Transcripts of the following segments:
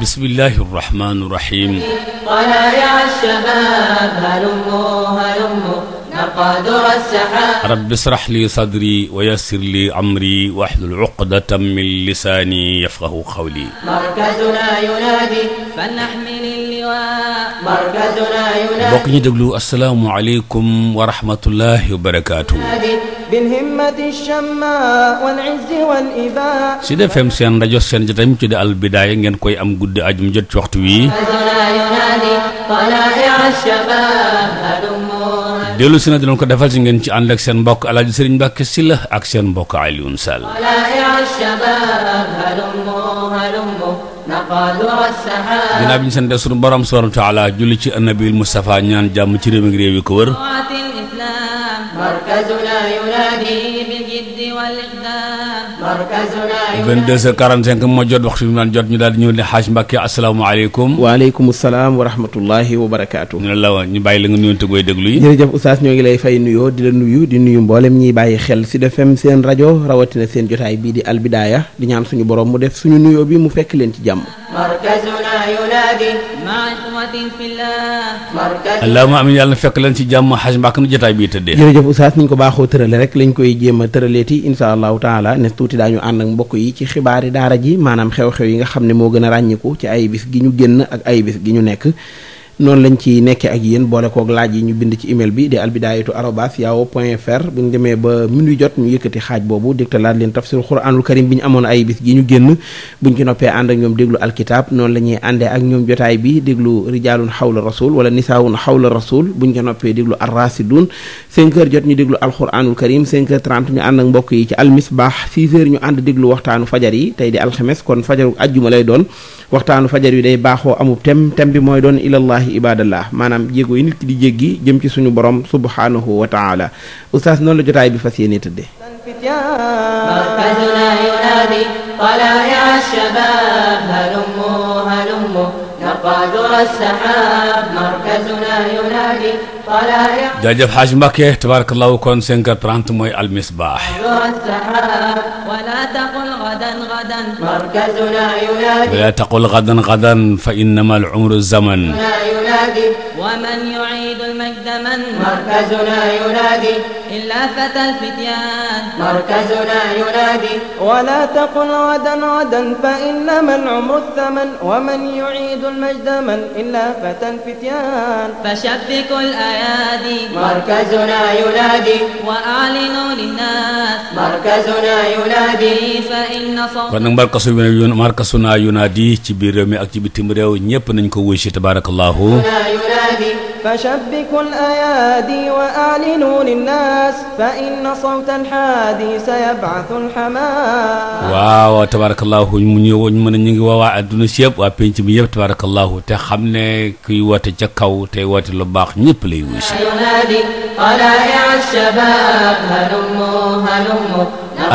bismillahi rahmaani rahim قدر السحاب رب اشرح لي صدري ويسر لي أمري واحلل عقدة من لساني يفقه قولي مركزنا ينادي فلنحمل اللواء مركزنا ينادي bokk ñi déglu السلام عليكم ورحمة الله وبركاته بالهمة الشماء والعز والإباء Sud FM seen rajo seen jotaay mu tudd Albidaaya ngeen koy am guddi ajum jot ci waxtu wi dellu si na dinañ ko defal si ngeen ci ànd ak seen mbokk alaaji sëriñ Mbàkke Sylla ak seen mbokk Alioune Sall ginnaaw bi ñu sante sunu borom subhaanahu wa taala julli ci annabil Mustafa ñaan jàmm ci réew mi réew yi ko wër 22 heures 45 ma jot waxtu bi naan jot ñu daal di ñëw ne xaaj Mbàkke asalaamaaleykum waaleykum salaam wa rahmatullahi wa barakaatu ñu ne la ñu bàyyi la nga nuyoon tëggooy déglu yi jërëjëf oustaz ñoo ngi lay fay nuyoo di la nuyu di nuyu mboolem ñiy bàyyi xel si FM seen rajo rawatina seen jotaay bii di albidaaya di ñaan suñu borom mu def suñu nuyoo bi mu fekk leen ci jàmm allahumma amin yàlla na fekk leen ci jàmm xaj mbàkk nu jotaay bii tëddee jërëjëf oustaz ni ñu ko baaxoo tërale rek lañ koy jéem a tëraleeti insha allahu taala ne tuuti daañu ànd ak mbokk yi ci xibaari daara ji maanaam xew-xew yi nga xam ne moo gën a ràññiku ci ay bis gi ñu génn ak ay bis gi ñu nekk noonu lañ ci nekkee ak yéen boole kook laaj yi ñu bind ci email bi di albidaayatu arobas yahoo point fr bu ñu demee ba minuit jot ñu yëkkati xaaj boobu digtalaat leen tafsir xuraanul karim bi ñu amoon ay bis gi ñu génn buñ ci noppee ànd ak ñoom déglu alkitab noonu la ñuy àndee ak ñoom jotaay bi déglu rijaalun xawla rasul wala nisaawun xawla rasul buñ ci noppee déglu arrasidun 5 heures jot ñu déglu alxuraanul karim 5 heures ñu ànd ak mbokk yi ci almisbaax 6 heures ñu ànd déglu waxtaanu fajar yi tey di alxames kon fajaru ajjuma lay doon waxtaanu fajar yi day baaxoo amub tem tem bi mooy doon ilallahi allahi ibadallah maanaam jéego yi nit ki di jéggi jëm ci suñu borom subhanahu wa taala oustaz noonu la jotaay bi fas yéene tëddee مركزنا ينادي طلائع الشباب هلموا هلموا نرفع ذرى السحاب مركزنا ينادي طلائع jaajëf xaaj Mbàkke tabaarakallaahu kon 5h30 mooy almisbaax ولا تقل غدا غدا فإنما العمر الزمن ومن يعيد المجد من مركزنا ينادي إلا فتى الفتيان مركزنا ينادي ولا تقل غدا غدا فإنما العمر الثمن ومن يعيد المجد من إلا فتى الفتيان فشبكوا الأيادي مركزنا ينادي وأعلنوا للناس مركزنا ينادي فإن صوت kon nag markazuna markazuna yunaadi ci biir réew mi ak ci bitim réew ñëpp nañ ko wuy si tabaarakallaahu yunaadi fashabbikul ayaadi wa a'linu linnaas الناس فإن صوت الحادي سيبعث الحماس waaw tabaarakallaahu mu ñëw ñu mën a ñu ngi woowaa adduna si yëpp waa penc bi yëpp tabaarakallaahu te xam ne kuy woote ca kaw tey woote lu baax ñëpp lay wuy si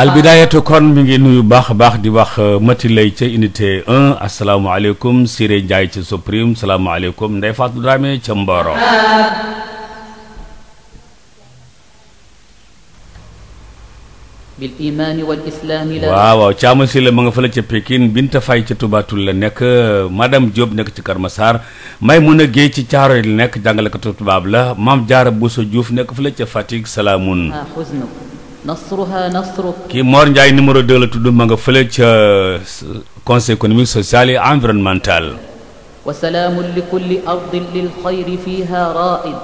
albidayatu kon mi ngi nuyu baax a baax di wax euh, mati lay ca unité 1 asalaamaaleykum Siré Ndiaye ca Suprime salaamaaleykum Ndeye Fatou Dramé ca Mboro bil imaani wal islaami la waaw waaw Thiamou nga fële ca Pékin Binta Faye ca Toubatul la nekk madame Diop nekk ci Kër Massar Maymuna Guèye ci Thiaroye la nekk jàngalekatu tubaab la Maam Jaara Bousso Diouf nekk fële ca Fatick salaamun ah, nasruha nasruk kii Mor Ndiaye numéro 2 la tudd ma nga fële ca conseil économique social et environnemental wa salaamun li kulli ardin lil xayri fiha raid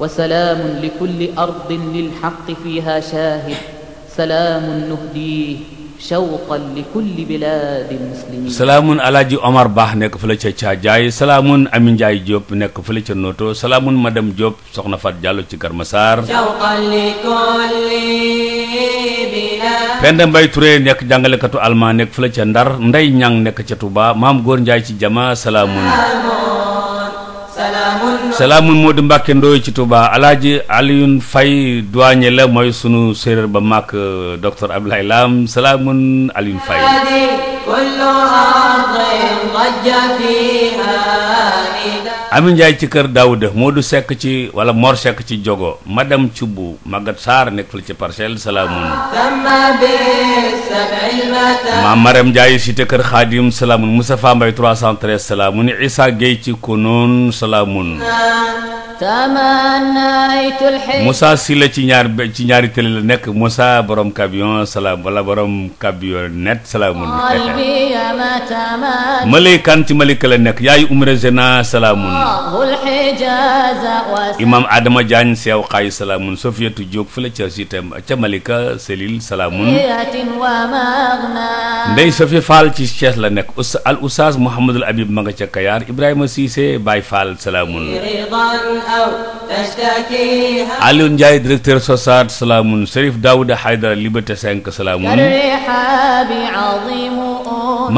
wa salaamun li kulli ardin lil xaqi fiha shahid salaamun nuhdii shawqan li kulli bilaadi muslimin salaamun alaaji Omar Ba nekk fële ca Caajaay salaamun Amin Ndiaye Diop nekk fële ca Noto salaamun madame Diop soxna Fat Diallo ci Kër Massar Penda Mbay Touré nekk jàngalekatu almaa nekk fële ca Ndar Ndey Ñang nekk ca Touba Maam Góor njaay ci Jama salaamun salaamun moo di mbàkke ndooy ci tuba alaaji Alioune fay douanier la mooy sunu séeréer ba màkk euh, docteur Abdoulaye Lam salaamun Alioune Faye kullu ardin dajja fiha Amin Ndiaye ci kër Daouda Modou sekk ci wala Mor Seck ci jogo madame Thioubou Maguette Sarr nekk fële ci parcelle salaamun maam Marème Ndiaye cité kër Khadim salaamun Moustapha Mbaye 313 salaamun Issa Gueye ci konoon salaamun ci ñaar ci ñaari télé nekk Moussa borom camion salaam wala borom camionnette salaamun Malay ci Malika la nekk yaay Umre Zena salaamun imaam Adama Diagne seew xaayu salaamun sofiyatu jóg fële ca cité ca Malika selil salaamun ndey Sofi Fall ci Cees la nekk us al oustaz Mouhamadul Habib ma nga ca Kayaar Ibrahima Cissé Baye Fall salaamun Aliou Ndiaye directeur SOSAD salaamun Serif Daouda Haydara Liberté 5 salaamun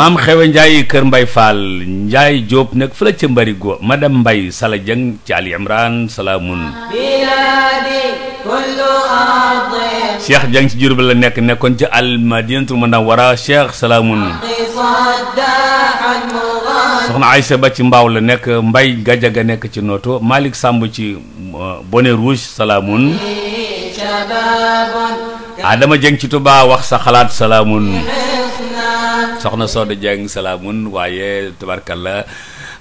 maam Xewe Ndiaye Kër Mbay Fall Ndiaye Diop nag fële ca Mbari Go madame madame Mbaye Sala Dieng ci Ali Imran salaamun cheikh Dieng ci Jurbel la nekk nekkoon ci al madinatul munawwara cheikh salaamun soxna Aysa ba ci mbaaw la nekk Mbaye Gajaga nekk ci nooto Malick Samb ci euh, bonnet rouge salaamun Adama Dieng ci Touba wax sa xalaat salaamun soxna Soda Dieng salaamun waaye tabarkalla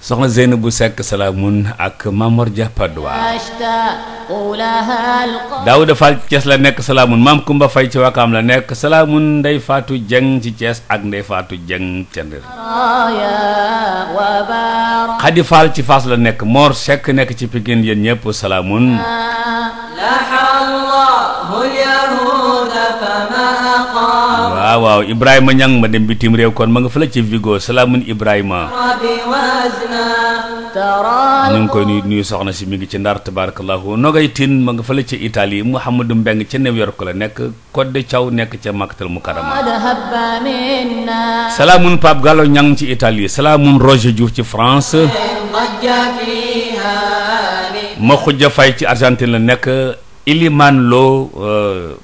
soxna Zeynabu Seck Salaamun ak Mamor Dia Padoa Daawuda Fall ci Cees la nekk Salaamun maam Kumba Fay ci Wakaam la nekk Salaamun Ndey Faatu Jeng ci Cees ak Ndey Faatu Jeng ca Ndër Xadi Fall ci Faas la nekk Mor sekk nekk ci Pikin yéen ñëpp Salaamun waaw waaw Ibrahima ñang ma dem bitim ma nga Ibrahima ñu ngi koy nuyu soxna si mi ngi ci ndar tabarakallahu nogay tin ma nga fële ca Italie Mouhamadou Mbeng ca New York la nekk Codé Thiaw nekk ca Makkatal Mukarrama salaamun Pape Gallo ñang ci Italie salaamun Roger Diouf ci France ma xujja fay ci Argentine la nekk Iliman Lo euh,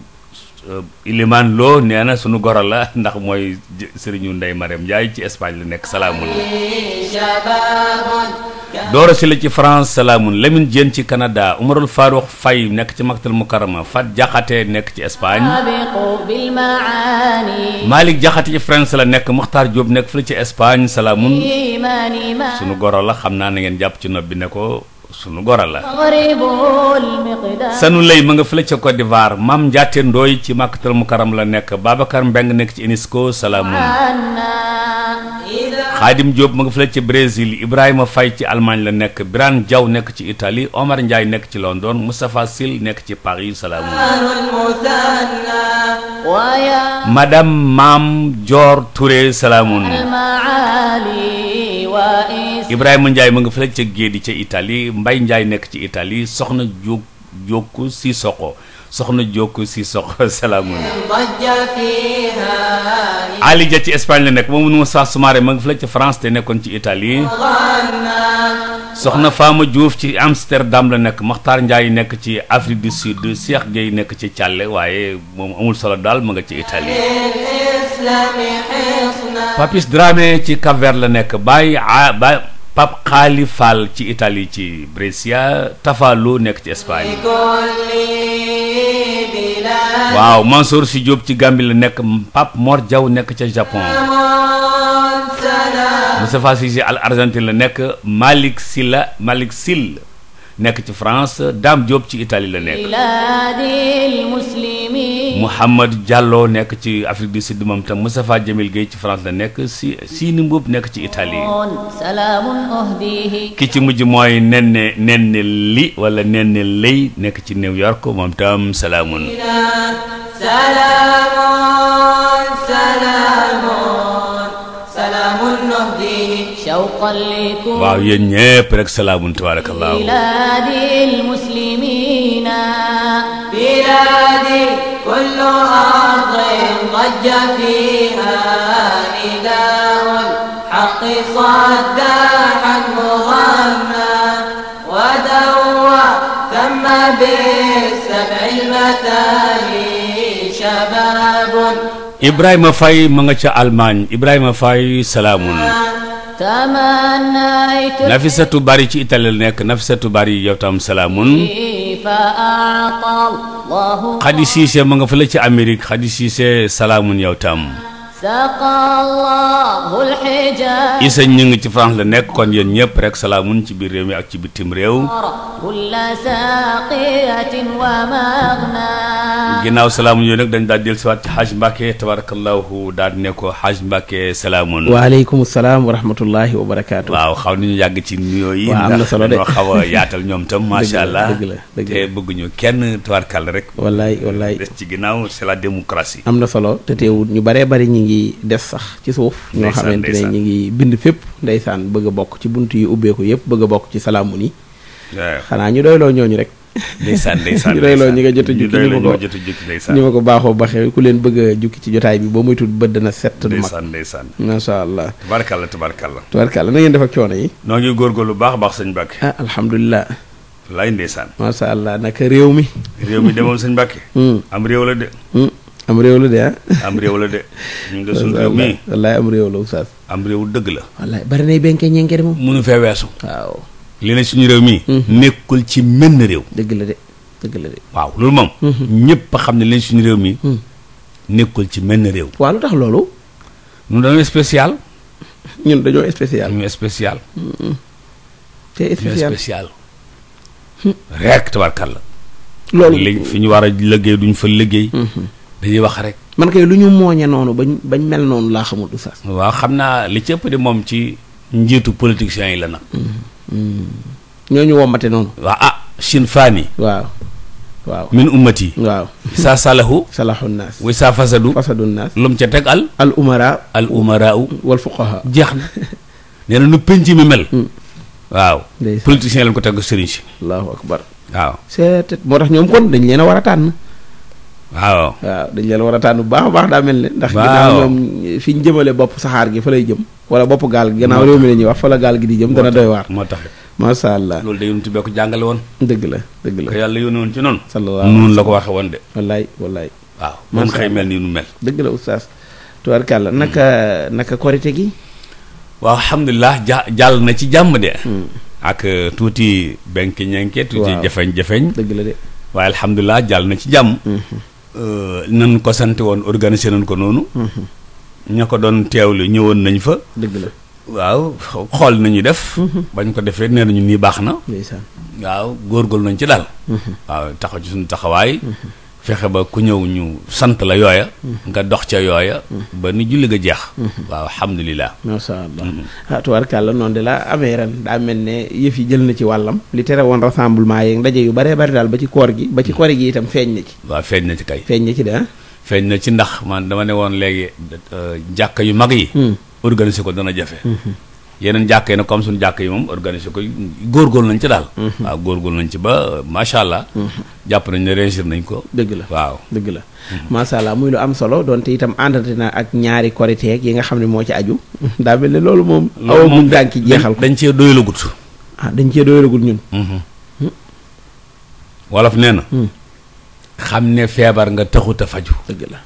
Euh, Ilimaan Lo nee na sunu goro la ndax mooy sëriñu Ndey Mariam Ndiaye ci Espagne la nekk salaamun Dooro si la ci France salaamun Lamine Diène ci Canada Umarul Farouk fay nekk ci Maktal Mukarama Fat Jaxate nekk ci Espagne Malick Jaxate ci France la nekk Muxtaar Diop nekk fële ci Espagne salaamun sunu goro la xam naa na ngeen jàpp ci nopp bi ne ko sunu gora la sanu lay ma nga fële ca Côte d'Ivoire maam Njaate Ndooy ci màkkatal mukaram la nekk Babacar Mbeng nekk ci UNESCO salaamun Xaadim Jóob ma nga fële ca Brésil Ibrahima Fay ci almaañ la nekk Birane Diaw nekk ci Italie Omar Ndiaye nekk ci London Moustapha Sil nekk ci Paris salaamun madame Maam Dior Touré salaamun ibrahim Ndiaye ma nga fële ca Géedi ca Italie Mbaye Ndiaye nekk ci Italie soxna jóg jókku si soxo soxna jókku si soxo salaamualeykum Ali Dia nekk moom nu ma saa Soumaré nga fële ca France te nekkoon ci Italie soxna Fama juuf ci Amsterdam la nekk Makhtar Ndiaye nekk ci Afrique du Sud Cheikh Gueye nekk ci Thialé waaye moom amul solo daal ma nga ci Italie Papis Dramé ci cap la nekk Baye a Baye Pape Xaali Fall ci Italie ci Brescia Tafalo nekk ci Espagne waaw Mansour Sy Diop ci gambi la nekk Pape Mor Diaw nekk ca Japon Moustapha Cissé al Argentine la nekk Malick Silla Malick Sill nekk ci France daam Diop ci Italie la nekk Mouhamad Diallo nekk ci Afrique du Sud moom tam Moustapha Jamil Gueye ci France la nekk si Sini nekk ci Italie ki ci mujj mooy Nenne Nenne Li wala Nenne Lay nekk ci New York moom tam salaamun salaamun waaw yéen ñépp rek salaamun tabaarakallaahu bilaadil muslimiina bilaadi kullu ardin dajja fiiha nidaa'ul haqqi saddaahan muhammaa wa dawwa thamma bisab'il mataali shabaabun Ibrahima Faye ma nga ca Allemagne Ibrahima Faye salaamun nafisatu bari ci Itali nekk nafisatu bari yow tam salaamun xadi siise ma nga fa ci Amérique xadi siise salaamun yow tam Issa ñu ngi ci France la nekk kon yéen ñëpp rek salaamun ci biir réew mi ak ci bitim réew. ginnaaw salaamun yooyu dañ daal dellu si waat ci Haj Mbacke tabarakallahu daal ne ko salaam wa rahmatullahi wa barakaatu. waaw xaw nañu yàgg ci nuyoo yi. waaw am na solo de ndax xaw yaatal ñoom tam. macha allah te bëgguñu kenn tabarkal rek. wallaay wallaay des am na solo ñu baree bari ñu ngi ngi des sax ci suuf ñoo xamante ne ñi ngi bind fépp ndeysaan bëgg a bokk ci bunt yi ubbeeku yëpp bëgg a bokk ci salaamun yi xanaa ñu doyloo ñooñu rek ndeysaan ndeysaan ñu doyloo ñi nga jot a jukki ñu ma ko ñu ma ko baaxoo baxee ku leen bëgg a jukki ci bi boo muy tudd bët dana sett lu mag ndeysaan macha allah tabarkalla tabarkalla tabarkalla na ngeen def ak coono yi noo ngi góorgóorlu baax baax sëñ Mbàkke ah alhamdulilah laay ndeysaan macha allah naka réew mi réew mi de moom sëñ hmm. am réew la de hmm. am réew la de ah. am réew la de. ñu ngi suñu réew mi wallaay am réew la oustaz. am réew dëgg la. wallaay bari nay benke ñenke de moom. munu fee weesu. waaw li suñu réew mi. Mhm. nekkul ci menn réew. dëgg la waaw loolu moom. Mhm. ñëpp xam ne li suñu réew mi. Mhm. nekkul ci menn réew. waaw lu tax loolu. ñun dañoo spécial. ñun dañoo spécial. ñu spécial. te spécial hmm. rek tabarkalla. loolu lañ fi ñu war a liggéey duñ fa liggéey. dañuy wax rek. man kay lu ñu mooñe noonu bañ bañ mel noonu laa xamul oustaz. waaw xam naa li ci di moom ci njiitu politiciens yi la nag. Mm-hmm. Mm-hmm. ñooñu wommate noonu. waaw a ah, Sine Fani. waaw waaw. min ummati. waaw isaa salahu. salahu naas. lum ca teg al. al umara. al umara wal fuqaha jeex na nee na nu penc mi mel. Mm. waaw. politiciens lañ ko teg sëriñ si. allahu akbar waaw. c'est moo tax ñoom kon dañ leen war a tànn. waaw waaw dañ leen war a tànn bu baax baax daa mel ne ndax ginnaaw ñoom fi ñu jëmale bopp saxaar gi fa lay jëm wala bopp gaal gi gannaaw réew mi la ñuy wax fa la gaal gi di jëm dana doy waar moo tax macha allah loolu da yonent bee ko jàngale woon dëgg la dëgg la ko yàlla yónni woon ci noonu la ko waxe woon de wallaay wallaay waaw man xëy mel nii nu mel dëgg la oustaz tubarkàlla hmm. naka naka korite gi waaw alhamdulilah ja jàll na ci jàmm hmm. ak euh, tuuti benk ñenke tuuti jafeñ jafeñ dëgg la de waaye alhamdulilah jàll na ci jàmm hmm. Euh, nan ko sante woon organiser nañ ko noonu. Mhm. ña ko doon teewlu ñëwoon nañ fa. dëgg la waaw xool nañu def. Mhm. bañ ko defee nee nañu nii baax na. waaw góor góorgóorlu nañu ci daal. Mhm. waaw taxaw ci suñu taxawaay. fexe ba ku ñëw ñu sant la yooya mm-hmm. nga dox ca yooya mm-hmm. ba ni julli nga jeex mm-hmm. waaw alhamdulilah masha allah ah, tubaarkàlla noon de la amee ren daa mel ne yëf yi jël na ci wàllam li tere woon rassemblement yeeg ndaje yu baree bari daal ba ci koor gi ba ci koor gi itam feeñ na ci waaw feeñ na ci kay feeñ na ci de ah. feeñ na ci ndax man dama ne woon léegi euh, jàkka yu mag yi mm. organiser ko dana jafe yeneen jàkk yi nag comme suñu jàkk yi moom organiser ko góorgóorlu nañ ci daal mhm. waaw góorgóorlu nañ ci ba macha allah mhm. jàpp nañ ne réussir nañ ko dëgg la waaw dëgg la mhm. macha allah muy lu am solo donte itam àndante na ak ñaari koriteeg yi nga xam ne moo ci aju daa mel ne loolu moom awa muñ dànki jeexal ko dañ cee doyalagut ah dañ cee doyalagut ñun hmm? wolof nee na hmm. xam ne feebar nga taxut a faju dëgg la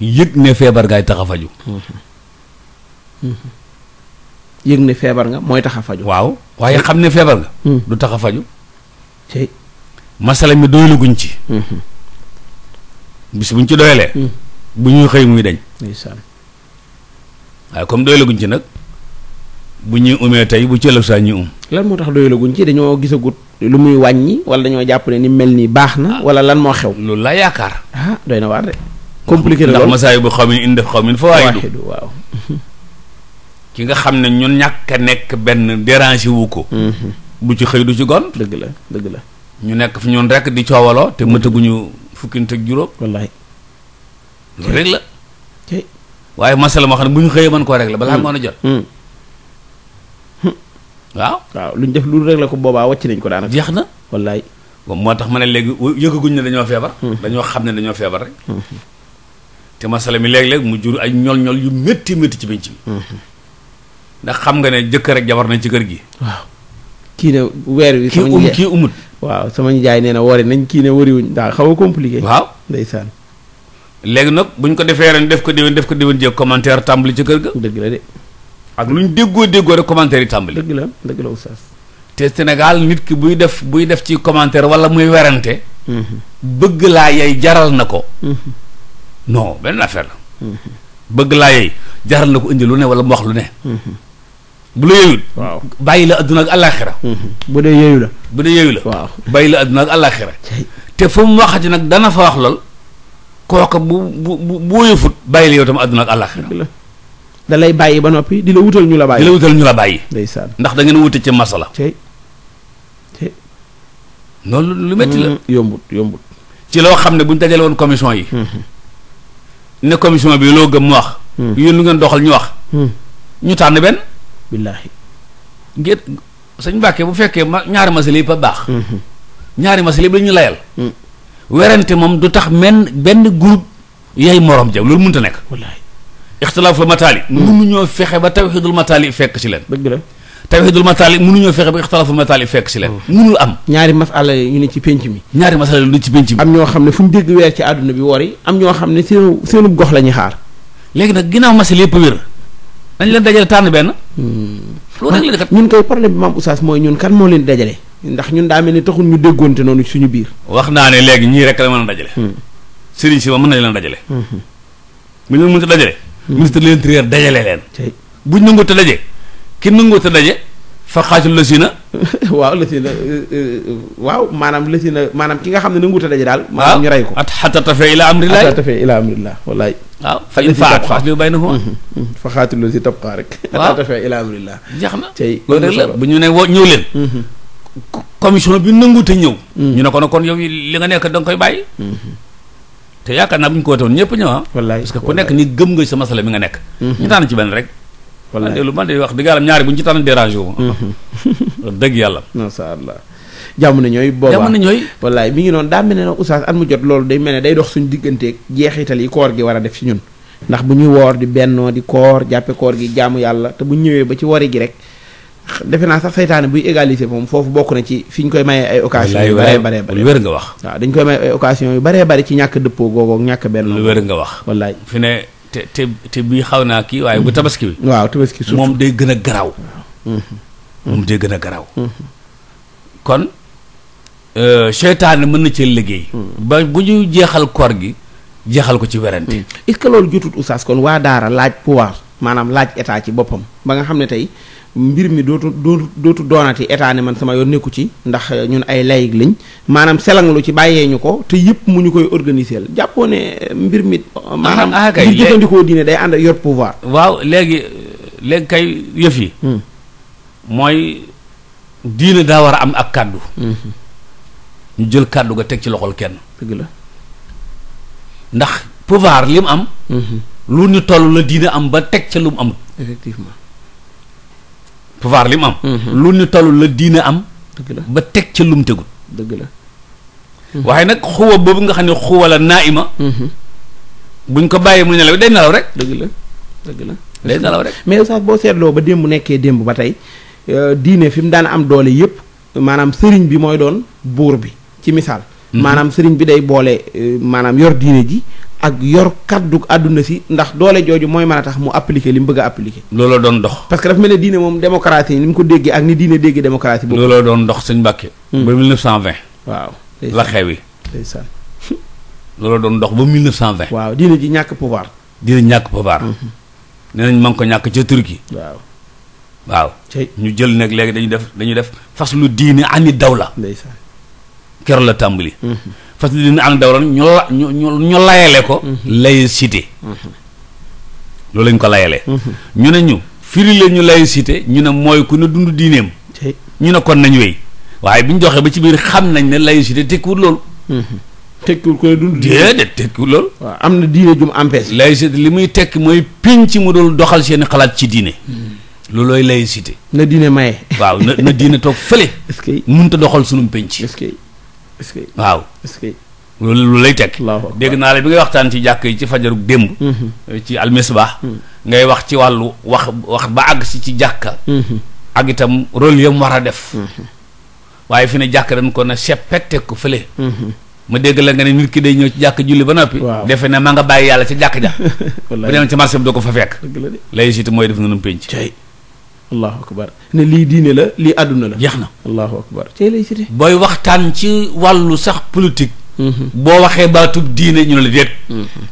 yëg ne feebar ngay tax faju hmm. yëg ne feebar nga mooy tax a faju waaw waaye xam ne feebar nga. Hmm. du tax a faju tey masala mi doylaguñ ci. Hmm. bis buñ ci doyalee. Hmm. bu ñuy xëy muy dañ. ndeysaan comme doylaguñ ci nag bu ñuy umee tey bu ci ëllëg saa um. lan moo tax doylaguñ ci dañoo gisagut lu muy wàññi wala dañoo jàpp ne ni mel nii baax na. Ah. wala lan moo xew. loolu laa yaakaar. ah doy na waar de. compliqué la lool ndax masaayu xaw min indef xaw min waaw. ki nga xam ne ñun ñàkk nekk benn dérangé wu ko. Mhm. du ci xëy du ci gon. dëgg la dëgg la. ñu nekk fi ñun rekk di coowaloo te mëtaguñu fukki nit ak juróom. wallaay. loolu rek la. moo xam ne bu ñu xëyee mën koo rek la balaa hmm. ngoon jot. Hmm. Hmm. waaw. waaw lu ñu def lu rek la ko boobaa wàcc nañ ko daanaka. jeex na wallaay. moom moo tax ma ne léegi yëgaguñ ne dañoo feebar. dañoo xam ne dañoo feebar rek. te masala mi léeg-léeg mu jur ay ñol-ñol yu métti métti ci benn ci. ndax xam nga ne jëkkër ak jabar nañ ci kër gi. waaw kii ne weer wi. kii um umut waaw sama njaay nee na woori nañ kii ne wariwuñ daa xaw a compliqué. waaw ndeysaan. léegi nag buñ ko defee ren def ko déwén def ko déwén jéeg commentaire tàmbali ci kër ga. dëgg la de. ak lu ñu déggoo déggoo rek commentaire yi tàmbali. dëgg la dëgg la te Sénégal nit ki buy def buy def ci commentaire wala muy werante. Mhm. bëgg laa yey jaral na ko. Mhm. non benn affaire la. Mhm. bëgg laa yey jaral na ko indi lu ne wala mu lu ne. bu la yeeyul. bàyyi la adduna ak àllaaxira. Mhm. bu dee yeeyu la. bu dee yeeyu la. waaw bàyyi la adduna ak àllaaxira. te fu mu waxati nag dana fa wax lool kooka bu bu bu bu bàyyi la yow tam adduna ak àllaaxira. da bàyyi ba noppi di la wutal ñu la bàyyi. di la ñu la bàyyi. ndeysaan ndax da ngeen wute ci masala. tey noonu loolu lu métti la. Mm, yombut yombut. ci loo xam ne bu ñu dajale woon commission yi. Mm-hmm. ne commission bi loo gëm mu wax. Mm. yéen lu ngeen doxal ñu wax. Mm. ñu tànn benn. billaahi ngir sëñ Mbàkke bu fekkee ma ñaari masal yi fa baax mm-hmm. ñaari masal yi ñu layal mm. werante moom du tax menn benn groupe yay morom ja loolu mënta nekk wallaahi ixtilaafu mataali mënuñoo mm. fexe ba tawxiidul mataali fekk ci leen dëgg la tawxiidul taali mënuñoo fexe ba ixtilaafu mataali fekk si leen mënul mm. am ñaari masala ñu ne ci pénc mi ñaari masala ñu ne ci pénc mi am ñoo xam ne fu mu dégg weer ci àdduna bi wori am ñoo xam ne seenu seenub gox la ñuy xaar léegi nag ginnaaw masal yëpp wér dañ leen dajale tànn benn. Hmm. loolu rek la kat ñun koy problème bi maam Oustaz mooy ñun kan moo leen dajale ndax ñun daa mel ni taxul ñu déggoonte noonu suñu biir. wax naa ne léegi ñii rek la mën a dajale. sëriñ si ba mën nañ leen dajale. Hmm. bu ñu leen mënut a dajale. Hmm. ministre de l'intérieur dajale leen. bu ñu nanguut a daje ki nanguut a daje. fa la xaajul na waaw lësina euh, euh, waaw maanaam lësina maanaam ki nga xam ne nanguut a daje daal. maanaam ñu rey ko at xata a ila amrillah at tafee fa in faat mhm, mhm, fa na ko. fa xaatul lësi tabqaa rek. waaw at na tey loolu bu ñu ne woo ñëw leen. Mhm. commission bi nanguut a ñëw. ñu ne ko nag kon yow li nga nekk da nga koy bàyyi. te yaakaar naa bu ñu ko wote woon ñëpp ñëw ah. parce que ku nekk ni gëm nga sa masala mi nga nekk. ñu daan ci benn rek. wallaay de lu man de wax dëgg yàlla ñaari bu ñu ci tànn dérangé wu mhm. dëgg yàlla. macha allah jamono ñooy. boobaa jamono ñooy. wallaay bi ngi noonu daa mel ne nag oustaz at mu jot loolu day mel ne day dox suñu digganteeg jeexital yi koor gi war a def ci ñun. ndax bu ñuy woor di bennoo di koor jàppe koor gi jàmm yàlla te bu ñëwee ba ci wari gi rek defe naa sax saytaane buy égaliser moom foofu bokk na ci fi ñu koy mayee ay occasion yu baree baree bari lu wér nga wax dañ koy may ay yu baree bari ci ñàkk dëppoo googoog ñàkk benn nga wax te te te bii xaw naa kii waaye bu tabaski bi. waaw tabaski suuf moom day gën a garaaw. Mm-hmm. moom day gën a garaaw. Mm-hmm. kon euh, seytaane mën na cee liggéey. Mm. ba bu ñu jeexal koor gi jeexal ko ci werante. Mm. est loolu jotut oustaz kon waa Daara laaj pouvoir maanaam laaj état ci boppam ba nga xam ne tey. mbir mi dootu dootu dootu doonati état ne man sama yoon nekku ci ndax eh, ñun ay layig lañ maanaam selang lu ci bàyyee ñu ko te yëpp mu ñu koy organiser jàppoo ne eh, mbir mi. Eh, ah, maanaam ngir ah, jëfandikoo diine day ànd yor pouvoir. waaw léegi léegi kay yëf yi. Hmm. mooy diine daa war a am ak kàddu. Hmm. ñu jël kàddu ga teg ci loxol kenn. dëgg la ndax pouvoir li am. Hmm. lu ñu toll la diine am ba teg ca lu mu amut. effectivement. pouvoir li mu am. Mhm. lu ñu talul la diine am. dëgg la ba teg ca lum tegul. dëgg la. Mhm. waaye nag xuwa boobu nga xam ne xuwa la naaima. Mhm. buñ ko bàyyee mu nelaw day nelaw rek. dëgg la dëgg la. day nelaw rek mais sax boo seetloo ba démb nekkee démb ba tey euh, diine fi mu daan am doole yépp maanaam sëriñ bi mooy doon buur bi ci misaal. maanaam sëriñ bi day boole euh, maanaam yor diine ji ak yor kàddu àdduna si ndax doole jooju mooy mën a tax mu appliquer li mu bëgg a appliquer. looloo doon dox. parce que dafa mel ne diine moom démocratie ni mu ko déggee ak ni diine déggee démocratie boobu. looloo doon dox sëñ Mbàkke. Hmm. ba 1920. waaw la xewi. ndeysaan looloo doon dox ba 1920. waaw diine ji ñàkk pouvoir. diine ñàkk pouvoir. Hmm. nee nañ ma ko ñàkk ca Turquie. waaw. waaw ñu jël nag léegi dañu def dañu def fas lu diine ani dawla. la keroog la tàmbali. Hmm. fas dina am dawran ñu la ñu ñu layale ko mhm. laïcité mhm. loolu lañ ko layale mhm. ñu ne ñu firi leen ñu laïcité ñu ne mooy ku ne dund diineem ñu ne kon nañ wéy waaye bi ñu joxee ba ci biir xam nañ ne laïcité tekkiwul loolu tekkiwul ko dund déedéet tekkiwul loolu am na diine ju mu empêche laïcité li muy tekki mooy penc mu dul doxal seeni xalaat ci diine loolooy laïcité na diine maye waaw na na diine toog fële est-ce que mënut a doxal sunum penc waaw loolu lu lay teg dégg naa la bi ngay waxtaan ci jàkk yi ci fajarug démb mm-hmm. ci almisbah mm-hmm. ngay wax ci wàllu wax wax ba àgg si ci jàkka mm-hmm. ak itam rôle yam war a def waaye fi ne jàkk dañ ko na seppete ko fële ma dégg la nga ne nit ki day ñëw ci jàkk julli ba noppi defe ne ma nga bàyyi yàlla ci jàkk ja bu dem ci marché bi doo ko fa fekk lay situ mooy def na nu pénc allahu akbar ne lii diine la lii àdduna la. jeex na allahu akbar tey lay cité. booy waxtaan ci wàllu sax politique. Mhm. boo waxee baatub diine ñu ne la déet. Mhm.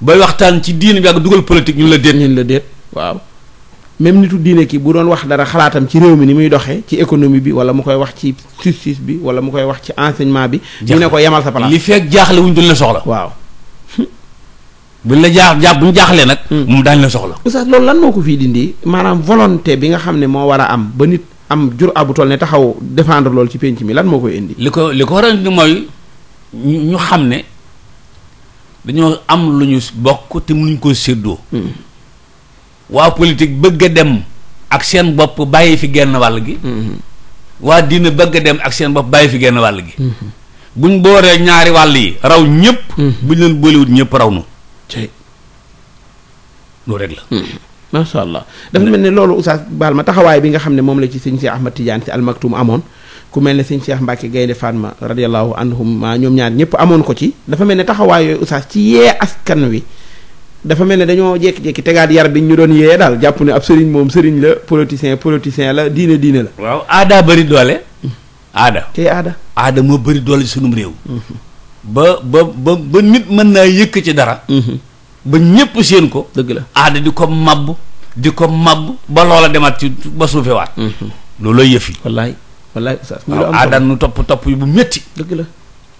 booy waxtaan ci diine bi ak dugal politique ñu ne la déet. ñu ne la déet waaw. même nitu diine ki bu doon wax dara xalaatam ci réew mi ni muy doxee ci économie bi wala mu koy wax ci justice bi wala mu koy wax ci enseignement bi. ñu ne ko yemal sa place li fekk jaaxle wuñ dul la soxla waaw. buñ la jaax jàpp buñ jaaxlee nag. Hmm. moom daañu la soxla. oustaz loolu lan moo ko fii dindi maanaam volonté bi nga xam ne moo war a am ba nit am jur abu toll ne taxaw défendre loolu ci penc mi lan moo koy indi. li ko li ko war a mooy ñu xam ne dañoo am lu ñu bokk te mënuñ koo séddoo. Hmm. waa politique bëgg a dem ak seen bopp bàyyi fi genn wàll gi. Hmm. waa diine bëgg a dem ak seen bopp bàyyi fi genn wàll gi. buñ booree ñaari wàll yi raw ñëpp. buñ leen boolewut ñëpp raw nu. tey loolu rek la. Hmm. macha allah loolu oustaz baal ma taxawaay bi nga xam ne moom la ci sëñ Cheikh Ahmad Tidiane si amoon ku mel ne sëñ Cheikh Mbacke Gaynde Fatma radiyallahu anhum ma ñoom ñaar ñëpp amoon ko ci dafa mel ne taxawaay yooyu oustaz ci yee askan wi. dafa mel ne dañoo jékki-jékki tegaat yar bi ñu doon yee daal jàpp ne ab sëriñ moom sëriñ la politicien politicien la diine diine la. waaw aadaa bëri doole. Hmm. aada. kay aada. aada moo bari doole sunum réew. Hmm. ba ba ba ba nit mën naa yëkk ci dara mm-hmm. ba ñépp seen ko dëgg la aada di ko mabb di ko mabb ba loola demaat ci ba suufewaat mm-hmm. loolu lay yëf yi wallaay wallaay oustaz waaw aada nu topp topp yi bu metti dëgg la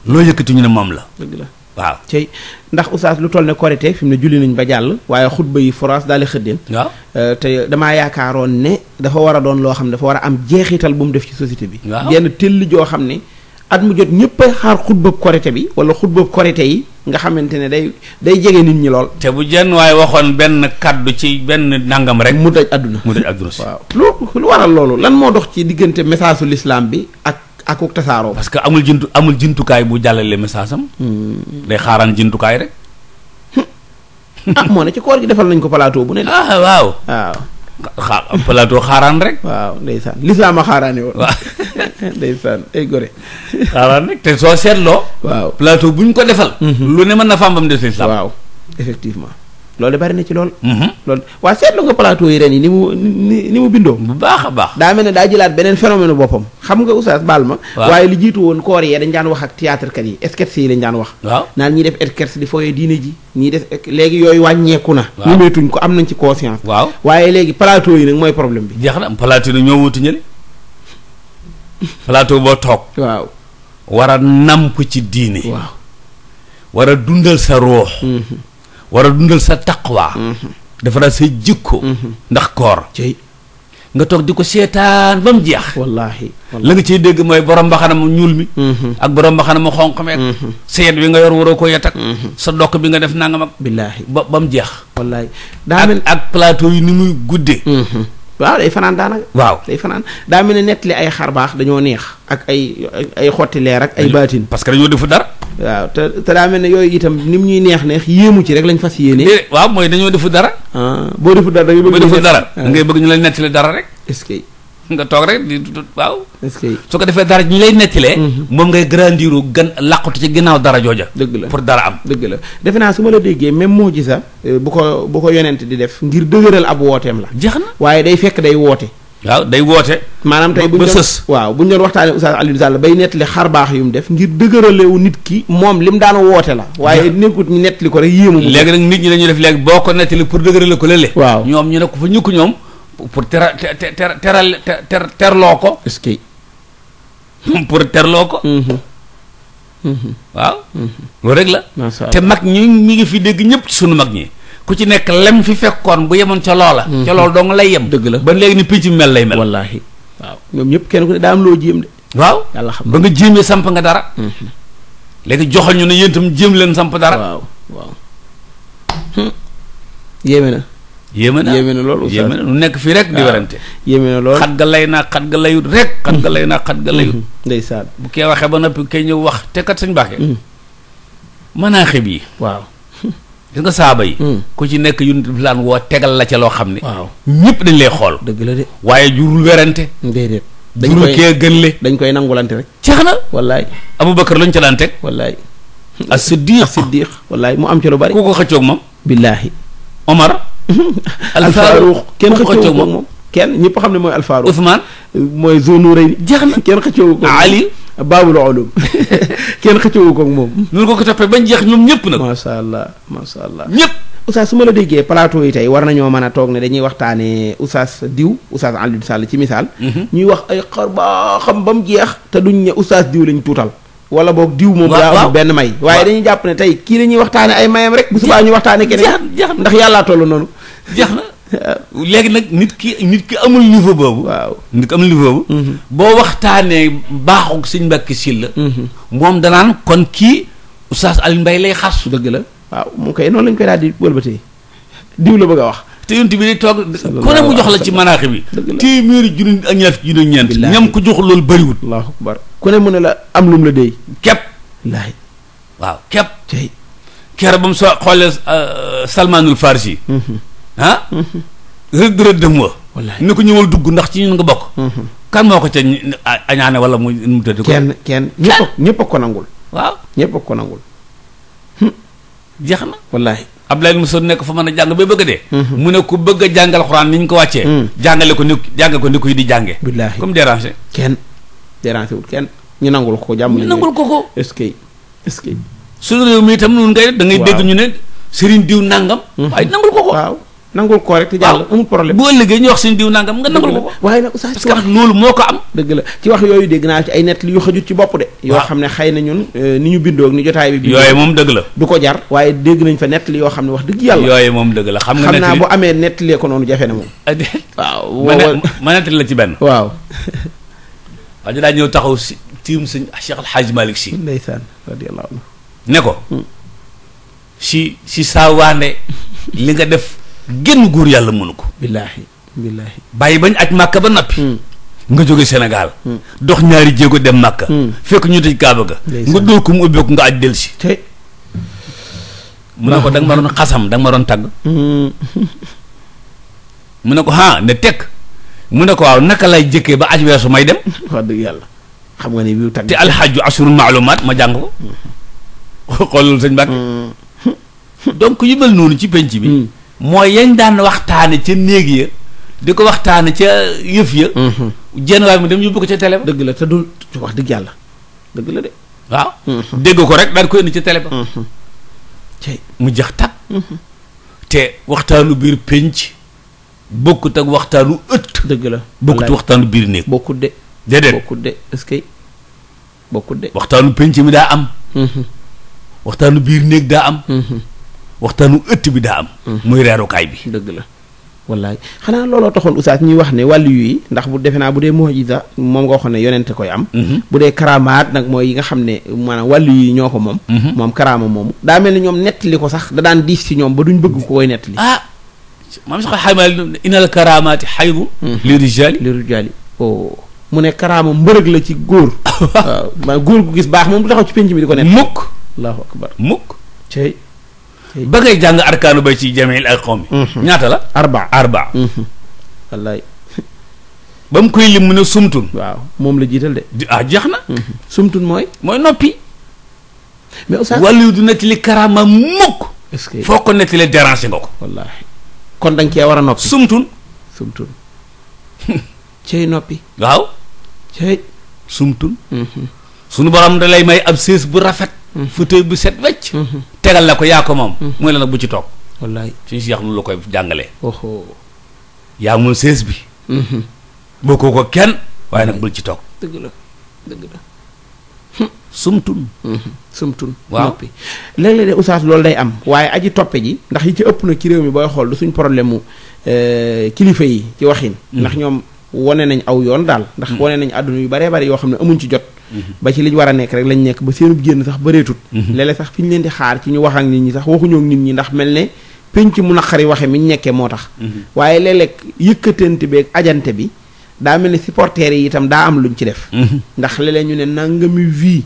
loo yëkkati ñu ne moom la dëgg la waaw cey ndax oustaz lu toll ne korité fi mu ne julli nañ ba jàll waaye xutba yi France daal di xëddeen waaw euh, te damaa yaakaaroon ne dafa war a doon loo xam ne dafa war a am jeexital bu mu def ci société bi waaw jenn tëll joo xam ne at mu jot ñëpp xaar xaar xutbab korité bi wala xutbab korité yi nga xamante ne day day jege nit ñi lool. te bu jenn waaye waxoon benn kaddu ci benn nangam rek. mu daj àdduna mu daj àdduna si. waaw lu lu waral loolu lan moo dox ci diggante message su bi ak ak tasaaroo. parce que amul jëntu amul jëntukaay bu jàllale message am. Hmm. day xaaraan jëntukaay rek. Hmm. ah moo ne ci koor gi defal nañ ko plateau bu ne. ah waaw waaw. xaa plateau xaaraan rek. waaw ndeysaan l'islam a xaaraane woon. ndeysaan ay eh, gore xaaral nag te soo seetloo waaw plateau bu ñu ko defal mhm. lu ne mën na fambam des lislaam waaw effectivement loolu bari na ci lool mhm. loolu waa seetlu nga plateau yi ren yi ni mu ni mu bindoo bu baax a baax daa mel ne daa jëlaat beneen phénomène boppam xam nga oustaz baal ma waaye li jiitu woon koor yee dañ daan wax ak théâtre kat yi sketch yi dañ daan wax waaw naan ñiy def sketch di fooyee diine ji ñiy def léegi yooyu wàññeeku na ñu ko am nañ ci conscience waaw léegi plateau yi nag mooy problème bi jeex na plateau yi nag plateau boo toog. waaw war a namp ci diine. waaw war a dundal sa ruux. Mm-hmm. war a dundal sa taqwa. Mm-hmm. defaraat sa jikko. Mm-hmm. ndax koor. nga toog di ko seetaan ba mu jeex. wallaahi la nga ciy dégg mooy borom mbaxana mu ñuul mi. ak borom mbaxana mu xonq meek. seet bi nga yor waroo ko yet sa dokk bi nga def nangam ak. billaahi ba ba mu jeex. wallaahi daa mel ak plateau yi ni muy guddee. waaw day fanaan daanaka. waaw day fanaan daa mel ne nettali ay xar baax dañoo neex ak ay ay xotti leer ak ay baatin. parce que dañoo defu dara. waaw te te daa mel ne yooyu itam ni mu ñuy neex neex yéemu ci rek lañ fas yéene. waaw mooy dañoo defu dara. Ah, boo defu dara da ngay bëgg. boo defu dara ah. ngay bëgg ñu la nettali dara rek. est nga toog rek di waaw. est-ce que su ko defee dara ñu lay nettilee. Mhm. moom ngay grandiru gan làqutu ci ginnaaw dara jooja. dëgg la pour dara am. dëgg la defe naa su ma la déggee même moo ji sax. Euh, bu ko bu ko yonent di def ngir dëgëral ab wooteem la. jeex na waaye day fekk day woote. waaw day woote. maanaam tey bu ñu doon waaw bu ñu doon waxtaanee Oustaz Alioune Sall bay nettali xar baax yu mu def ngir dëgëralewu nit ki moom lim daan woote la. waaye nekkut ñu nettali ko rek yéemu. léegi nag nit ñi dañuy def léegi boo ko nettali pour dëgërale ko lële. waaw ñoom ñu ne ko fa ñukk ñoom pour tera ter ter teral ter terloo ko. est-ce que. Hmm, pour terloo ko. Mhm. Hmm. waaw. Mhm. loolu rek la. te mag ñi mi ngi fi dégg ñëpp sunu mag ñi. ku ci nekk lem fi fekkoon bu yemoon ca loola. Mhm. ca loolu dong lay yem. dëgg la ba léegi ni mel lay mel. ñoom ñëpp kenn ku loo jéem de. ba nga jéemee samp nga dara. léegi joxal ñu ne yéen itam jéem leen samp dara. waaw hmm. yéeme na. yéeme na yéeme na loolu yéeme na nekk fii rek di ah, werante yéeme na loolu xat ga lay naa xat ga layut rek xat ga lay naa xat ga layut mm-hmm. ndeysaan bu kee waxee ba noppi kay ñëw wax te kat sañ baaxee mm. manaaxib waaw gis nga saaba yi mm. ku ci nekk yunit bi laan woo tegal la ca loo xam ne waaw ñëpp dañ lay xool dëgg la de waaye jurul werante déedéet dañ koy kee gën le dañ koy nangulante rek jeex na wallaay aboubacar lañ ca daan teg wallaay as siddiq siddiq wallaay mu am ci lu bari ku ko xëccoog moom billaahi omar alfaaruux kenn xëccoo moom moom kenn ñëpp xam ne mooy alfaaruux Ousmane mooy zone rëy jeex na kenn xëccoo ko Ali baabul ulum kenn xëccoo ko moom ñun ko ko toppee bañ jeex ñoom ñëpp nag macha allah macha allah ñëpp oustaz su ma la déggee plateau yi tey war nañoo mën a toog ne dañuy waxtaanee oustaz diw oustaz Alioune Sall ci misaal mhm. ñuy wax ay xar ba xam ba mu jeex te duñ ne oustaz diw lañ tuutal wala boog diw moom daa am benn may waaye dañuy jàpp ne tey kii la ñuy waxtaane ay mayam rek bu subaa ndax yàllaa toll noonu jeex na. léegi nag nit ki nit ki amul niveau boobu. waaw nit ki amul niveau boobu. Mm-hmm. boo waxtaanee baaxug sëñ Mbàkke Sylla la. Mm-hmm. moom danaan kon kii Oustaz Alioune Mbaye lay xas. dëgg la waaw mu koy noonu lañ koy daal di wëlbatee diw la bëgg a wax. te yonent bi day toog ku ne mu jox la ci manaaxi bi. dëgg la téeméeri junni ak ñaar junni ñeent. ñam ko jox loolu bëriwul. allahu akbar ku ne mu ne la am lum la déy. képp. waaw képp. tey keroog ba mu soo xoolee euh, Salmaanul Farsi yi mm-hmm. ah. rëdd rëdd dem wa. wallaahi ni ko ñëwal dugg ndax ci ñun nga bokk. Mhm. kan moo ko ca añaane wala mu mu ko. kenn kenn ñëpp ñëpp a ko nangul. waaw ñëpp a ko nangul. Hm. jeex na wallaahi. Abdoulaye Moussa nekk fa mën a jàng ba bëgg de mhm. mu ne ko bëgg a jàngal xuraan ni ñu ko wàcce mhm. jàngale ko ni ko yi di jàngee. billaahi comme déranger. kenn déranger kenn ñu nangul ko jàmm. ñu ko ko est-ce noonu ngay def dégg ñu ne Serigne diw nangam. waaye nangul ko ko nangul ko rek te jàll amul problème bu ëllëgee ñu wax suñu diw nangam nga nangul ko ko waaye nag parce que loolu moo ko am dëgg la ci wax yooyu dégg naa ci ay nett li yu xajut ci bopp de yoo xam ne xëy na ñun euh, ni ñu bindoo ni jotaay bi bindoo yooyu moom dëgg la du ko jar waaye dégg nañ fa nett li yoo xam ne la xam nett na moom waaw ma nett la ci benn waaw waaw dinaa ñëw taxaw si tiim sëñ Cheikh Al Hadj Malick si ndeysaan radiyallahu ne ko hmm. si si saawaane li nga def génn góor yàlla mënu ko. billaahi billaahi. bàyyi bañ aj màkka ba nappi. Hmm. nga jóge Sénégal. Hmm. dox ñaari jéego dem màkka. Hmm. fekk ñu tëj Kaaba ga. nga dóor ko mu ubbeeku nga aj delsi te mu ne ko da nga ma doon xasam da ma doon tagg. mu ne ko ah ne tekk mu ne ko waaw naka lay jëkkee ba aj weesu may dem. yàlla xam nga ni bi tagg. te alxaju asurul maalumaat ma jàng ko. xoolal sëñ Mbàkke. donc noonu ci penc bi. mooy yañ daan waxtaane ca néeg ya di ko waxtaane ca yëf ya mhm. jenn waay mu dem yóbbu ko ca télé ba dëgg la te du wax dëgg yàlla dëgg la de waaw mhm. dégg ko rek daal ko indi ca télé ba tey mhm. mu jax tag te waxtaanu biir pénc bokkut ak waxtaanu ëtt dëgg la bokkut waxtaanu biir néeg bokkut de déedéet bokkut de est-ce que bokkut de waxtaanu pénc mi daa am waxtaanu biir néeg daa am waxtaanu ëtt bi daa am. Mm. muy reerukaay bi. dëgg la wallaay xanaa looloo taxoon oustaz ñuy wax ne wàllu yi ndax bu defe naa bu dee mujiza moom nga waxoon ne yonente koy am. Mm-hmm. bu dee karaamaat nag mooy yi nga xam ne maanaam wàllu yi ñoo ko moom. Mm-hmm. moom karaama moom daa mel ni ñoom li ko sax da daan diis ci ñoom ba duñ bëgg ko koy nettali. ah maam sax xayma inal karamaati xayru. Mm-hmm. li rijaali li rijaali oh. mu ne karaama mbërëg la ci góor. waaw góor gu gis baax moom du ci penc mi di ko nekk. mukk ba ngay jàng arkaanu bay ci jamil ak xawmi mhm. ñaata la arbaa arba mhm. wallaay ba mu koy lim mu ne sumtun waaw moom la jiital de ah jeex na mhm. sumtun mooy mooy noppi mais oustaz wàllu du nettali karaama mukk est-ce que foo ko nettalee déranger nga ko wallaahi kon da nga cee war a noppi sumtun sumtun noppi waaw cey borom da may ab sées bu rafet fauteuil bu set wecc tegal la ko yaa ko moom mooy mm-hmm. la nag bu ci toog wallaay suñu si yax lu la koy jàngalee oho yaa moom sées bi mm-hmm. bokkoo ko kenn waaye nag mm-hmm. bul ci toog dëgg la dëgg la sumtun sumtun waaw noppi léeg-léeg de oustaz loolu day am waaye aji toppe ji ndax yi ci ëpp na ci réew mi booy xool du suñ problème mu euh, kilifa yi ci waxin ndax ñoom wane nañ aw yoon daal ndax wane nañ àdduna yu bare bari yoo xam ne amuñ ci jot Mhm. ba ci liñ war a nekk rek lañ nekk ba seenub génn sax bareetut mhm. léeg sax fi ñu leen di xaar ci ñu wax ak nit ñi sax waxuñoo ak ñi ndax mel ne pénc mu naqari waxe mi ñu nekkee moo tax mhm. waaye léeg-léeg yëkkatante beeg ajante bi daa mel ne supporters yi itam daa am luñ ci def ndax léeg ñu ne nangami vie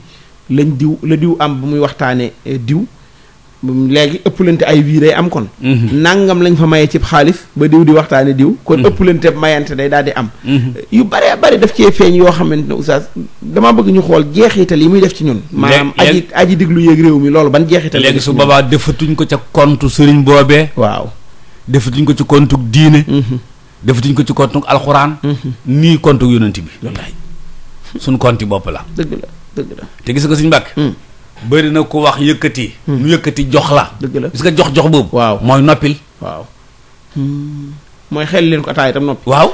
lañ diw la diw am bu muy waxtaanee eh, diw léegi ëppalante ay wii day am kon mhm. nangam lañ fa maye cib xaalis ba diw di waxtaane diw kon mhm. ëppalante mayante day daal di am mhm. yu bare bari daf cee feeñ yoo xamante ni usa dama bëgg ñu xool jeexital yi muy def ci ñun maanaam aji aji diglu yéeg réew mi loolu ban jeexital léegi su boobaa defatuñ ko ca kontu sëriñ boobee waaw defatuñ ko ci kontu diine defatuñ ko ci kontu alxuraan nii kontu yonent bi suñ konti bopp la dëgg la dëgg la te gis nga suñ mbàkk mm. bari na ko wax yëkkati. nu hmm. yëkkati jox la. dëgg la gis nga jox jox boobu. waaw mooy noppil. waaw. mooy xel leen ko ataay itam noppi. waaw.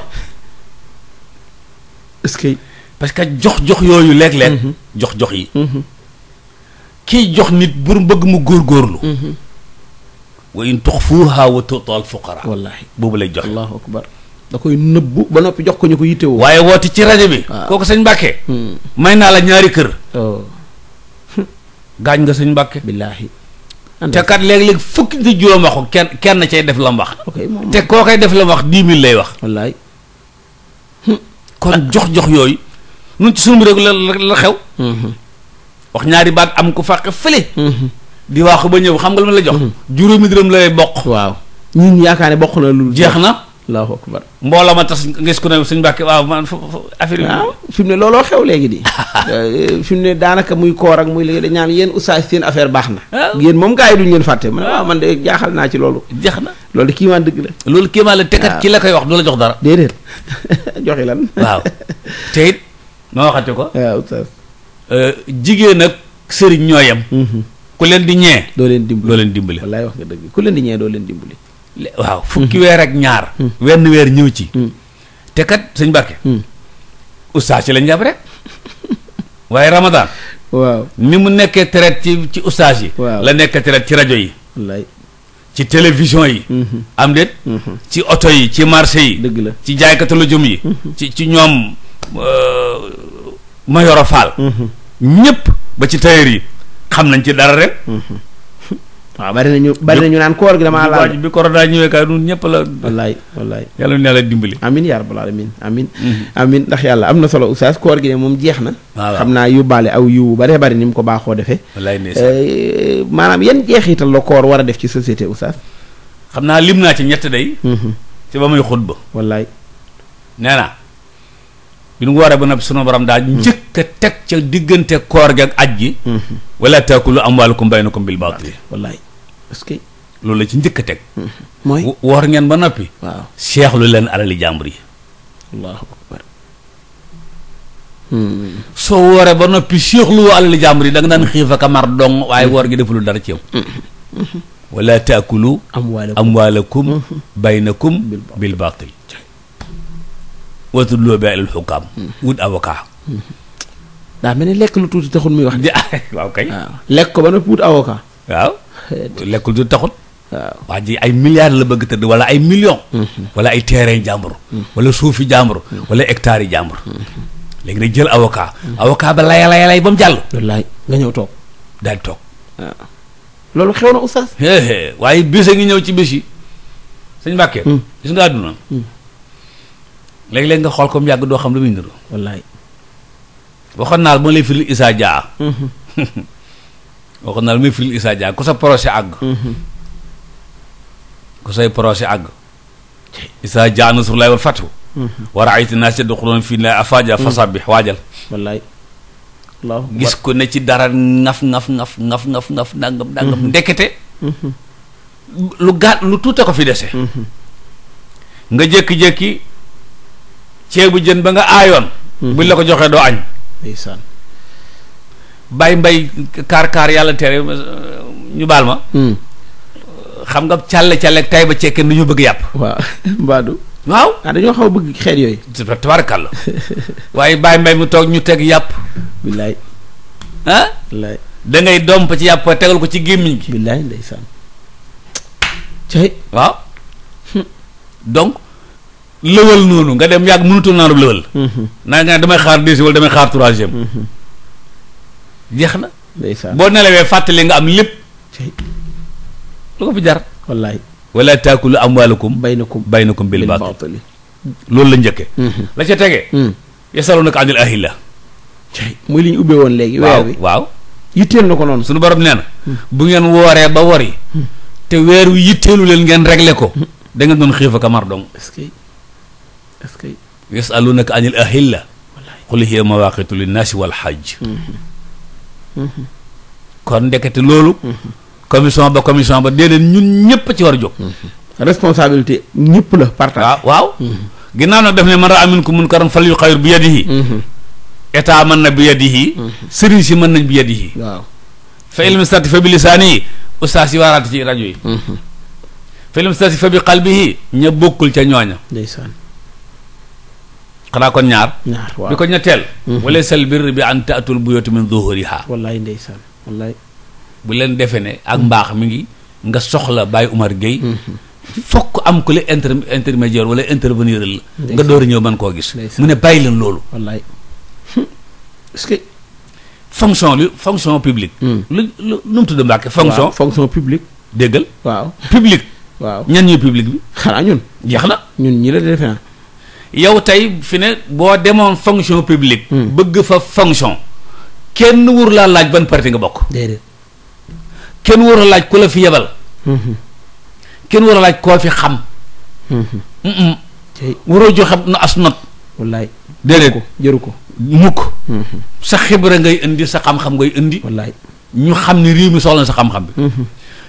est que. parce que jox jox yooyu léeg-léeg. Hmm. jox jox yi. Hmm. kii jox nit bur bëgg mu góorgóorlu. wa in tuxfuuha wa tu'tal fuqara. wallaahi boobu lay jox. allahu akbar da koy nëbbu ba noppi jox ko ñu ko yittewoo. waaye woote ci rajo bi. waaw ah. kooku sëñ Mbàkke. may naa la ñaari kër. Oh. gaañ nga sëñ Mbàkke billaahi te kat léeg-léeg fukki nit juróom wax kenn kenn cay def lam wax te koo koy def lam wax dix lay wax wallaay kon jox jox yooyu lu ci sunu réew la la xew mm-hmm. wax ñaari baat am ko fàq fële mm-hmm. di waaxu ba ñëw xam nga lu ma la jox mm-hmm. juróomi dërëm lay boq waaw ñun yaakaar ne bokk na lu jeex na allahu akbar mbooloo ma tas ngis ku ne suñ mbàkke waaw man affaire yi fi mu ne looloo xew léegi di eh, fi mu ne daanaka muy koor ak muy léegi dañ naan yéen oustaz seen affaire baax na ah. yéen moom gars yi duñ leen fàtte man ah. man de jaaxal naa ci loolu jeex na loolu de kiimaan dëgg la loolu kiimaan la tekat ki la koy wax du la jox dara déedéet joxi lan waaw te it ma waxate ko waaw oustaz eh, jigéen ak sëriñ ñooyam mhm. ku leen di ñee doo leen dimbali doo leen dimbali wallaay wax nga ku leen di ñee leen dimbali waaw fukki weer ak ñaar. wenn weer ñëw ci. te kat sëñ ustaas yi lañ jàpp rek waaye Ramadan. waaw ni mu nekkee traite ci ci ustaas yi. la nekkee traite ci rajo yi. wallaay ci télévision yi. Mm-hmm. am déet. Mm-hmm. ci oto yi ci marché yi. dëgg la ci jaaykatu lujum yi. Mm-hmm. ci ci ñoom euh, Mayoro Fall. ba ci tailleur yi xam nañ ci dara rek. waaw bari nañu bari nañu naan koor gi damaa laal bi daa ñëwee kaay ñun ñëpp la. wallaay wallaay yàlla na yàlla dimbali. amiin yaa rabbal aalamiin amiin. Mhm. ndax yàlla am na solo oustaz koor gi moom jeex na. xam naa yóbbaale aw yiw bare bari ni mu ko baaxoo defee. wallaay eh, maanaam yan jeexital la war a def ci société oustaz. xam naa lim naa ci ñett day. Mhm. ci ba muy na bi nu waree ba noppi sunu borom daal mhm. njëkk a ca diggante koor ak aj gi. wala taakulu amwaalakum baynakum bil baatil wallaay parce que loolu la ci njëkk a teg. mooy woor ngeen ba noppi. waaw seexlu leen alali jàmbur yi. Hmm. soo wooree ba noppi seexlu alali jàmbur yi danga nga daan xiif ak mar waaye woor gi defulu dara ci yow. wala taakulu. amwaalakum baynakum bil baatil watul loo bee alal xukaam. Hmm. wut avocat. Hmm. lekk lu tuuti taxul muy ko ba noppi wut avocat. waaw. lekkul ju taxut waa ji ay milliards la bëgg tëdd wala ay million mm-hmm. wala ay terrain jàmbur mm-hmm. wala suufi jàmbur mm-hmm. wala hectares yi jàmbur léegi nag jël avocat avocat ba laya laya lay ba mu jàll wallaay nga ñëw toog daal di toog ah. loolu xew na oustaz waaye bés a ngi ñëw ci bés yi sëñ Mbàkke mm. gis nga àdduna mm. léeg-léeg nga xool ko mu yàgg doo xam lu muy niru wallaay waxoon naa bu ma lay firil Issa wax na la may firil Issa Dia ku sa projet àgg. Mm-hmm. ku say projet àgg. Issa Dia nasrullahi wal fathu. Mm-hmm. wa ra'ayta naas yadxuluuna fii diinillaahi afwaaja mm-hmm. fasabbih waajal. gis ko ne ci dara ngaf ngaf ngaf ngaf ngaf ngaf ndekete. lu gaat lu tuute ko fi dese. nga jékki-jékki ceebu jën ba nga aayoon. buñ la ko joxee doo añ. bay mbay kaar kaar yàlla tere euh, ñu baal ma. Hmm. xam nga càlle càlle tay ba cekkeen nu ñu bëgg yàpp. waaw mbaadu. waaw ah dañoo xaw a bëgg xeet yooyu. tabarakalla waaye bàyyi mbay mu toog ñu teg yàpp. billaay. ah. domp ci yàpp tegal ko ci gémmiñ gi. billaay ndeysaan. cay. waaw. Hmm. donc. lëwal noonu nga dem yàgg mënutul naanub lëwal. Hmm, naa nga damay xaar deuxième wala damay xaar troisième. jeex na. ndeysaan boo nelawee fàttali nga am lépp. lu ko fi jar. wallaay wala taakulu amwaalakum. baynakum baynakum bil baatili loolu la njëkke mm-hmm. la ca tege. Mm. yasalunaka anil ahilla. muy li ñu ubbee léegi. waaw waaw. na ko noonu. suñu borom nee na. Mm. bu ngeen wooree ba wori. Mm. te weer wi yitteelu leen ngeen réglé ko. da ngeen doon xiif ak mar dong. est-ce que est-ce que. yasalunaka anil ahilla. qul hiya mawaqitu linnaasi wal hajj. Mm-hmm. kon ndekete loolu. commission ba commission ba déedéet ñun ñëpp ci war a jóg. responsabilité ñëpp la partage. waaw waaw. ginnaaw nag def ne man raa minkum munkaran fal yuxayyir bi yadihi. état mën na bi yadihi. sëriñ si mën nañ bi yadihi. waaw fa ilm stati fa bi lisaani yi ustaas yi waaraate ci rajo yi. Mhm. fa ilm stati fa bi qalbihi ña bokkul ca ñooña. xanaa kon ñaar. bi ko ñetteel. Mhm. wala sal birr bi ant atul bu min zuhuriha. doo ndeysaan wallaay. bu leen defe ne ak mbaax mi ngi nga soxla Baye Umar Gueye. Mhm. fokk am ku la inter intermédiaire wala intervenir la. nga door a ñëw mën koo gis. mu ne bàyyi leen loolu. wallaay est-ce que. fonction lu fonction publique. Hmm. lu lu nu mu tudd Mbàkke fonction fonction publique. déggal waaw ñan ñuy publique bi. xanaa ñun. jeex na ñun ñi la defee yow tey fi ne boo demoon fonction publique. Hmm. bëgg fa fonction kenn wur laa laaj ban parti nga bokk. déedéet kenn wur a laaj ku la fi yebal. Hmm. kenn wur a laaj koo fi xam. Hmm. waroo joxe na as not. wallaay déedéet ko jëru ko mukk sa xibra ngay indi sa xam-xam ngay indi. wallaay ñu xam ni réew mi soxla na sa xam-xam bi.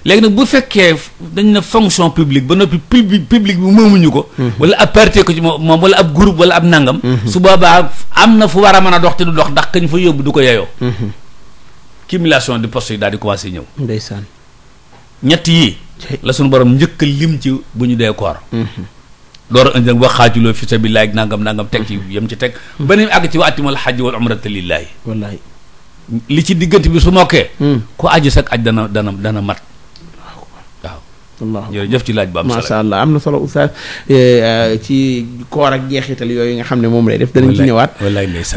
léegi nag bu fekkee dañ ne fonction publique ba noppi public publique bi moomuñu ko. Mhm. wala ab parti ko ci moom wala ab group wala ab nangam. Mhm. su boobaa am na fu war a mën a dox te du dox ndax kañ fa yóbbu du ko yeyoo. Mhm. cumulation de postes yi daal di commencé ñëw. ndeysaan ñett yi la suñu borom njëkk lim ci bu ñu dee koor. door a indi nag wax xaajuloo fi sabilillahi nangam nangam teg ci yem ci teg. ba ni àgg ci wa atimal xajj wal umrata lillahi. wallaay li ci diggante bi su mokkee. ku aji sax aj dana dana dana mat. allah jërëjëf ci laaj bu am solo macha allah am na solo oustaz eh, eh, ci koor ak jeexital yooyu nga xam ne moom lay def danañ ci ñëwaat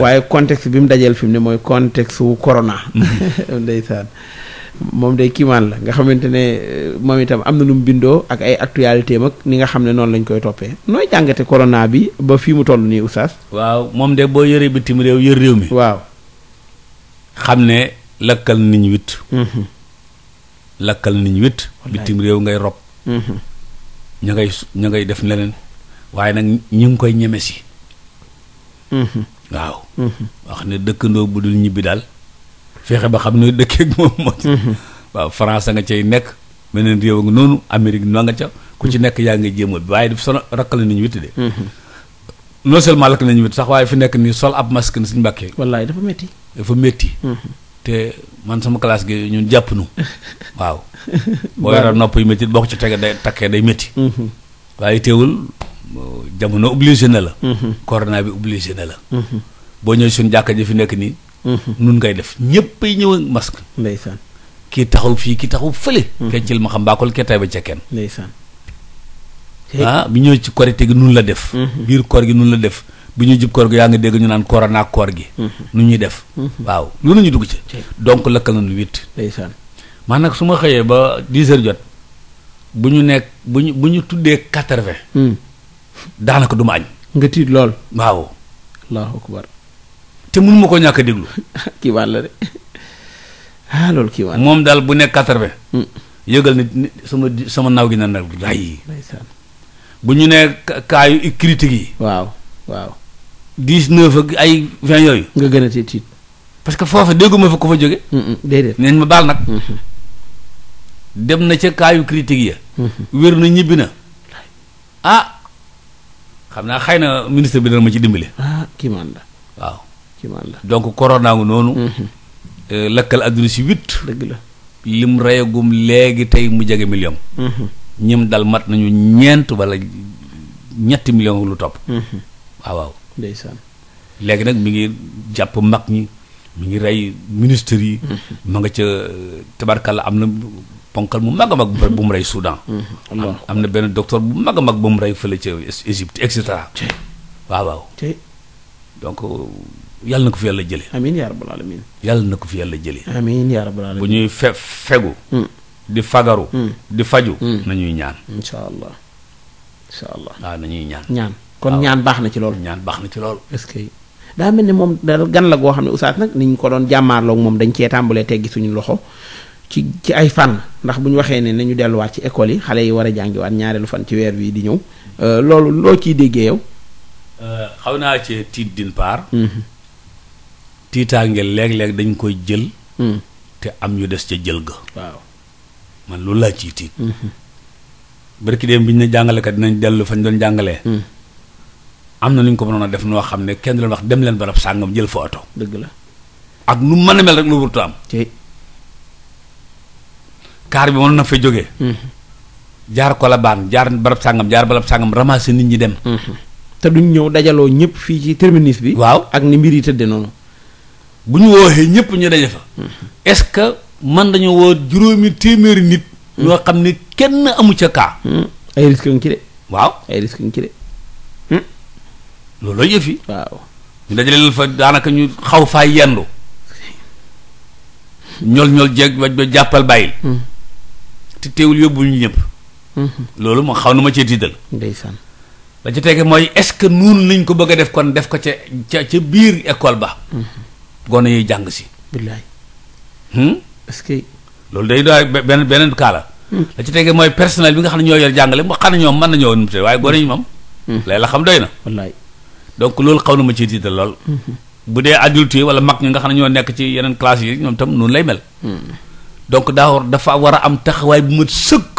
waaye contexte bi mu dajeel fi mu ne mooy contexte wu corona mm-hmm. ndeysaan moom de kiimaan la nga xamante ne eh, moom itam am na lu mu bindoo ak ay actualité mag ni nga xam ne noonu lañ koy toppee nooy jàngate corona bi ba fii mu toll nii oustaz waaw moom de boo yëree bitim réew yër réew mi waaw xam ne lakkal niñ wit mm-hmm. lakkal nañ wét bitim réew ngay rob mm-hmm. ña ngay ña ngay def leneen waaye nag ñu ngi koy ñeme si mm-hmm. waaw mm-hmm. wax ne dëkkandoo bu dul ñibbi daal feexe xam ne dëkkeek moom moo ci waaw nga cay nekk meneen réew nga noonu Amérique na nga ca ku ci nekk yaa ngi jéem bi waaye daf sono rakkal nañu witt de non seulement lakk nañu witt sax waaye fi nekk nii sol ab masque na suñu mbàkkee wallaay dafa métti dafa metti te man sama classe gi ñun jàpp nu waaw. boo yoroon nopp yu métti boo ci tege day takkee day métti. Mhm. waaye teewul jamono obligé na la. Mhm. corona bi obligé na la. Mhm. boo ñëwee suñu jàkka ji fi nekk nii. nun ngay def ñëpp ay ñëw ak masque. ndeysaan kii taxaw fii ki taxaw fële. kencil ma xam mbaakol kee tay ba ca kenn. Ah, bi ñëw ci korite gi nun la def. biir koor gi nun la def. bi ñuy jub koor gi yaa ngi dégg ñu naan corona koor gi. Mm-hmm. nu ñuy def. Mm-hmm. waaw lu ñu dugg ci. donc lakkal nañu huit. ndeysaan man nag su ma xëyee ba dix heures jot bu ñu nekk bu ñu bu ñu tuddee quatre vingt. Mm. daanaka du ma añ. nga tiit lool. waaw. te mënu ma ko ñàkk a déglu. kii la de ah, loolu kii waat moom daal bu nekk quatre vingt. Mm. yëgal na sama sama naaw gi na nag. ndeysaan bu ñu nee kaayu critiques yi. waaw waaw. 19 ak ay 20 yooyu. nga gën a tiit. parce que foofa dégguma fa ko fa jóge déedéet neen ma baal nag. Mm-hmm. dem na ca kaayu critique ya. Mm-hmm. wér na ñibbi na. ah xam naa xëy na ministre bi dana ma ci dimbale. Ah, kii man la. waaw kii man la. noonu. Mm-hmm. Euh, lakkal adduna si huit. dëgg lim reyagum léegi tey mu jege million. ñim dal mat nañu ñeent wala ñetti million lu topp. waaw. ndeysaan léegi nag mi ngi jàpp mag ñi mi ngi rey ministres yi. Mhm. ma nga ca tabarkalla am na ponkal mu mag mag. bu mu rey Soudan. Mhm. am na benn docteur bu mag a mag bu mu rey fële ca Égypte et cetera. waaw waaw. donc euh, yàlla na ko fi yàlla jëlee. amiin yaa rabbal aalamiin. yàlla na ko fi yàlla jëlee. amiin yaa rabbal aalamiin. bu ñuy fe fegu. Mm. di fagaru. Mm. di faju. Mm. nañuy ñaan. incha allah incha allah. waaw nañuy ñaan ñaan. kon ñaan baax na ci loolu ñaan baax na ci lool est-ce que daa mel ni moom dal gan la goo xam ne oustaz nag ni ñu ko doon jàmmaarloog moom dañ cee tàmbalee teggi suñu loxo ci ci ay fan ndax bu ñu waxee ne nañu delluwaat ci école yi xale yi war a jàngiwaat ñaareelu fan ci weer bii di ñëw euh, loolu loo ciy déggee yow. Euh, xaw naa ci tiit d'une part. Mm-hmm. tiitaange léeg-léeg dañ koy jël. Mm. te am ñu des ca jël ga. waaw man loolu laa ciy tiit. Mm-hmm. barki dem bi ñu ne jàngalekat dinañ dellu fañ doon jàngalee. Mm. am na nu ñu ko mënoon a def noo xam ne kenn leen wax dem leen barab sàngam dëgg la ak nu mën a mel rek lu am. kaar bi mën na fa jógee. Mm-hmm. jaar ko la baan jaar barab sàngam jaar barab nit ñi dem. Mm-hmm. te duñ ñëw dajaloo ñëpp fii ci terminus bi. waaw ak ni mbir ñu wooxee ñëpp ñu daje mm-hmm. ce que man dañu woo juróomi téeméeri nit. ñoo xam ne kenn amu ca kaa. ay risques ngi ci de. waaw ay risques ngi ci de. looloo yëf yi waaw ñu dajaleel fa daanaka ñu xaw faa yendu ñool ñool jeeg ba ba jàppal bàyyil hmm. te teewul yóbbu ñu ñëpp hmm. loolu moo xaw na ma cee tiital ndeysaan la ci tege mooy est-ce que noonu lañ ko bëgg def kon def ko ca ca ca biir ecole ba hmm. gone yuy jàng si billaay est-ce que loolu day doy benn beneen cas la la ci tege mooy personnel bi nga xam ne ñoo yor jàngale mu xam ne ñoom mën nañoo woon waaye gone yi moom lay la xam doy na wallaay donc loolu xaw na ma ciy tiital lool. Mhm. bu dee adulte yi wala mag ñi nga xam ne ñoo nekk ci yeneen classe yi ñoom tam noonu lay mel. Mhm. donc daa dafa war a am taxawaay bu mat sëkk.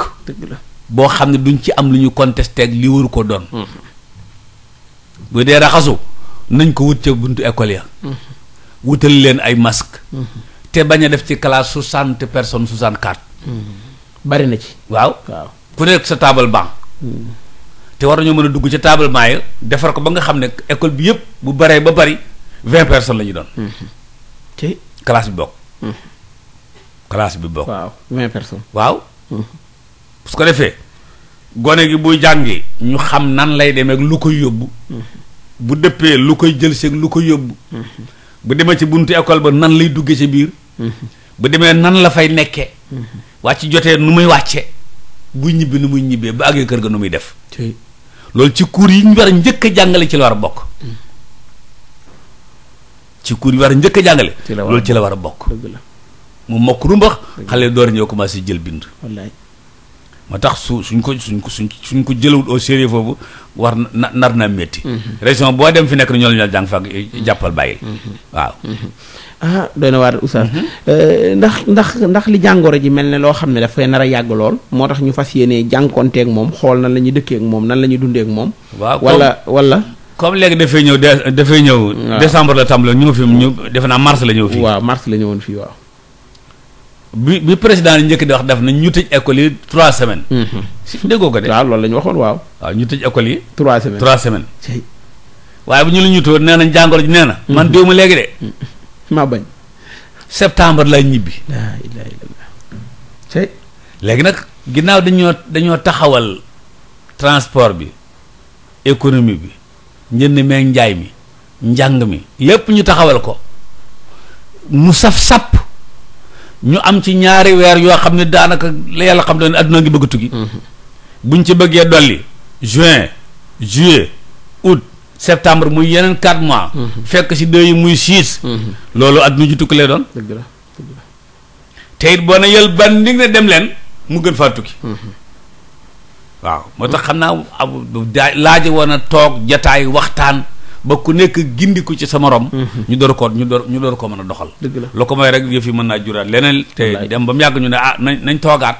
boo xam ne duñ ci am lu ñu contestee ak li waru ko doon. Mhm. bu dee raxasu nañ ko wut ca buntu école ya. wutal leen ay masque te bañ a def ci classe soixante personne soixante quatre. bari na ci waaw. waaw ku nekk sa table banc. te war nañoo mën a dugg ca table ya defar ko ba nga xam ne école bi yëpp bu baree ba bari vingt personnes la ñu doon. te mhm. classe bi bokk. Mhm. classe bi bokk. waaw vingt waaw. su mhm. ko defee gone gi buy jàngee ñu xam nan lay demee lu koy yóbbu. bu dëppee lu koy jël seeg lu koy yóbbu. bu demee ci buntu école ba nan lay duggee ci biir. bu demee nan la fay nekkee. wàcc jotee nu muy wàcce bu ñibbi nu muy ñibbee ba àggee kër ga nu muy def. loolu ci cours yi ñu war njëkk a jàngale ci la war a bokk ci cours yi war a njëkk a jàngale loolu ci la war a bokk mu mokk rumbax xale door ñoo commencé jël bind moo tax su suñ ko suñ ko suñ suñ ko jëlawul oo sérieux foofu war na nar naa métti mm-hmm. région boo dem fi nekk na ñoo la ñu jàng fag jàppal bàyyil mm-hmm. waaw mm-hmm. ah doy na waar oustaz mhm. euh, ndax ndax ndax li jàngoro ji mel ne loo xam ne dafay nar a yàgg lool moo tax ñu fas yéenee jànkonteeg moom xool nan la ñuy dëkkeek moom nan la ñuy dundeek moom waaw wala wala comme léegi dafay ñëw de dafay ñëw décembre la ñu fi ñu defe naa mars la ñëw fii waaw mars la ñëwoon fii waaw bi bi président njëkk di wax def nañ ñu tëj école yi trois semaines mhm. si déggoo ko de waaw loolu lañu ñu waxoon waaw ñu tëj école yi trois semaines waaye bu ñu la ñu tóor jàngoro ji nee man mhm. déw ma léegi de maa bañ. septembre lay ñibbi. laa ilaaha illallaah. tey. léegi nag ginnaaw dañoo dañoo taxawal transport bi économie bi njënd meeg njaay mi njàng mi lépp ñu taxawal ko mu saf sàpp ñu am ci ñaari weer yoo xam ne daanaka la yàlla xam ne adduna ngi bëgg a tukki. Mm-hmm. buñ ci bëggee dolli. juin juillet août. septembre mu yeneen quatre mois. Mm-hmm. fekk si deux yi muy six. Mm-hmm. loolu at mi tukki lay doon. dëgg la dëgg boo na yël ban ni ne dem leen mu gën faa tukki. Mm-hmm. waaw moo tax xam naa laaje woon a toog jataay waxtaan. ba ku nekk gindiku ci sa morom. ñu door ko ñu door ñu door ko mën a doxal. dëgg la lu ko may rek yëf yi mën naa juraat leneen. te dem ba mu yàgg ñu ne ah nañ nañ toogaat.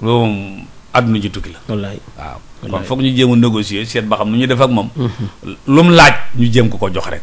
loolu ji tukki la. wallaay kon foog ñu jéem a négocier seet ba xam nu ñu def ak moom. mu laaj ñu jéem ko ko jox rek.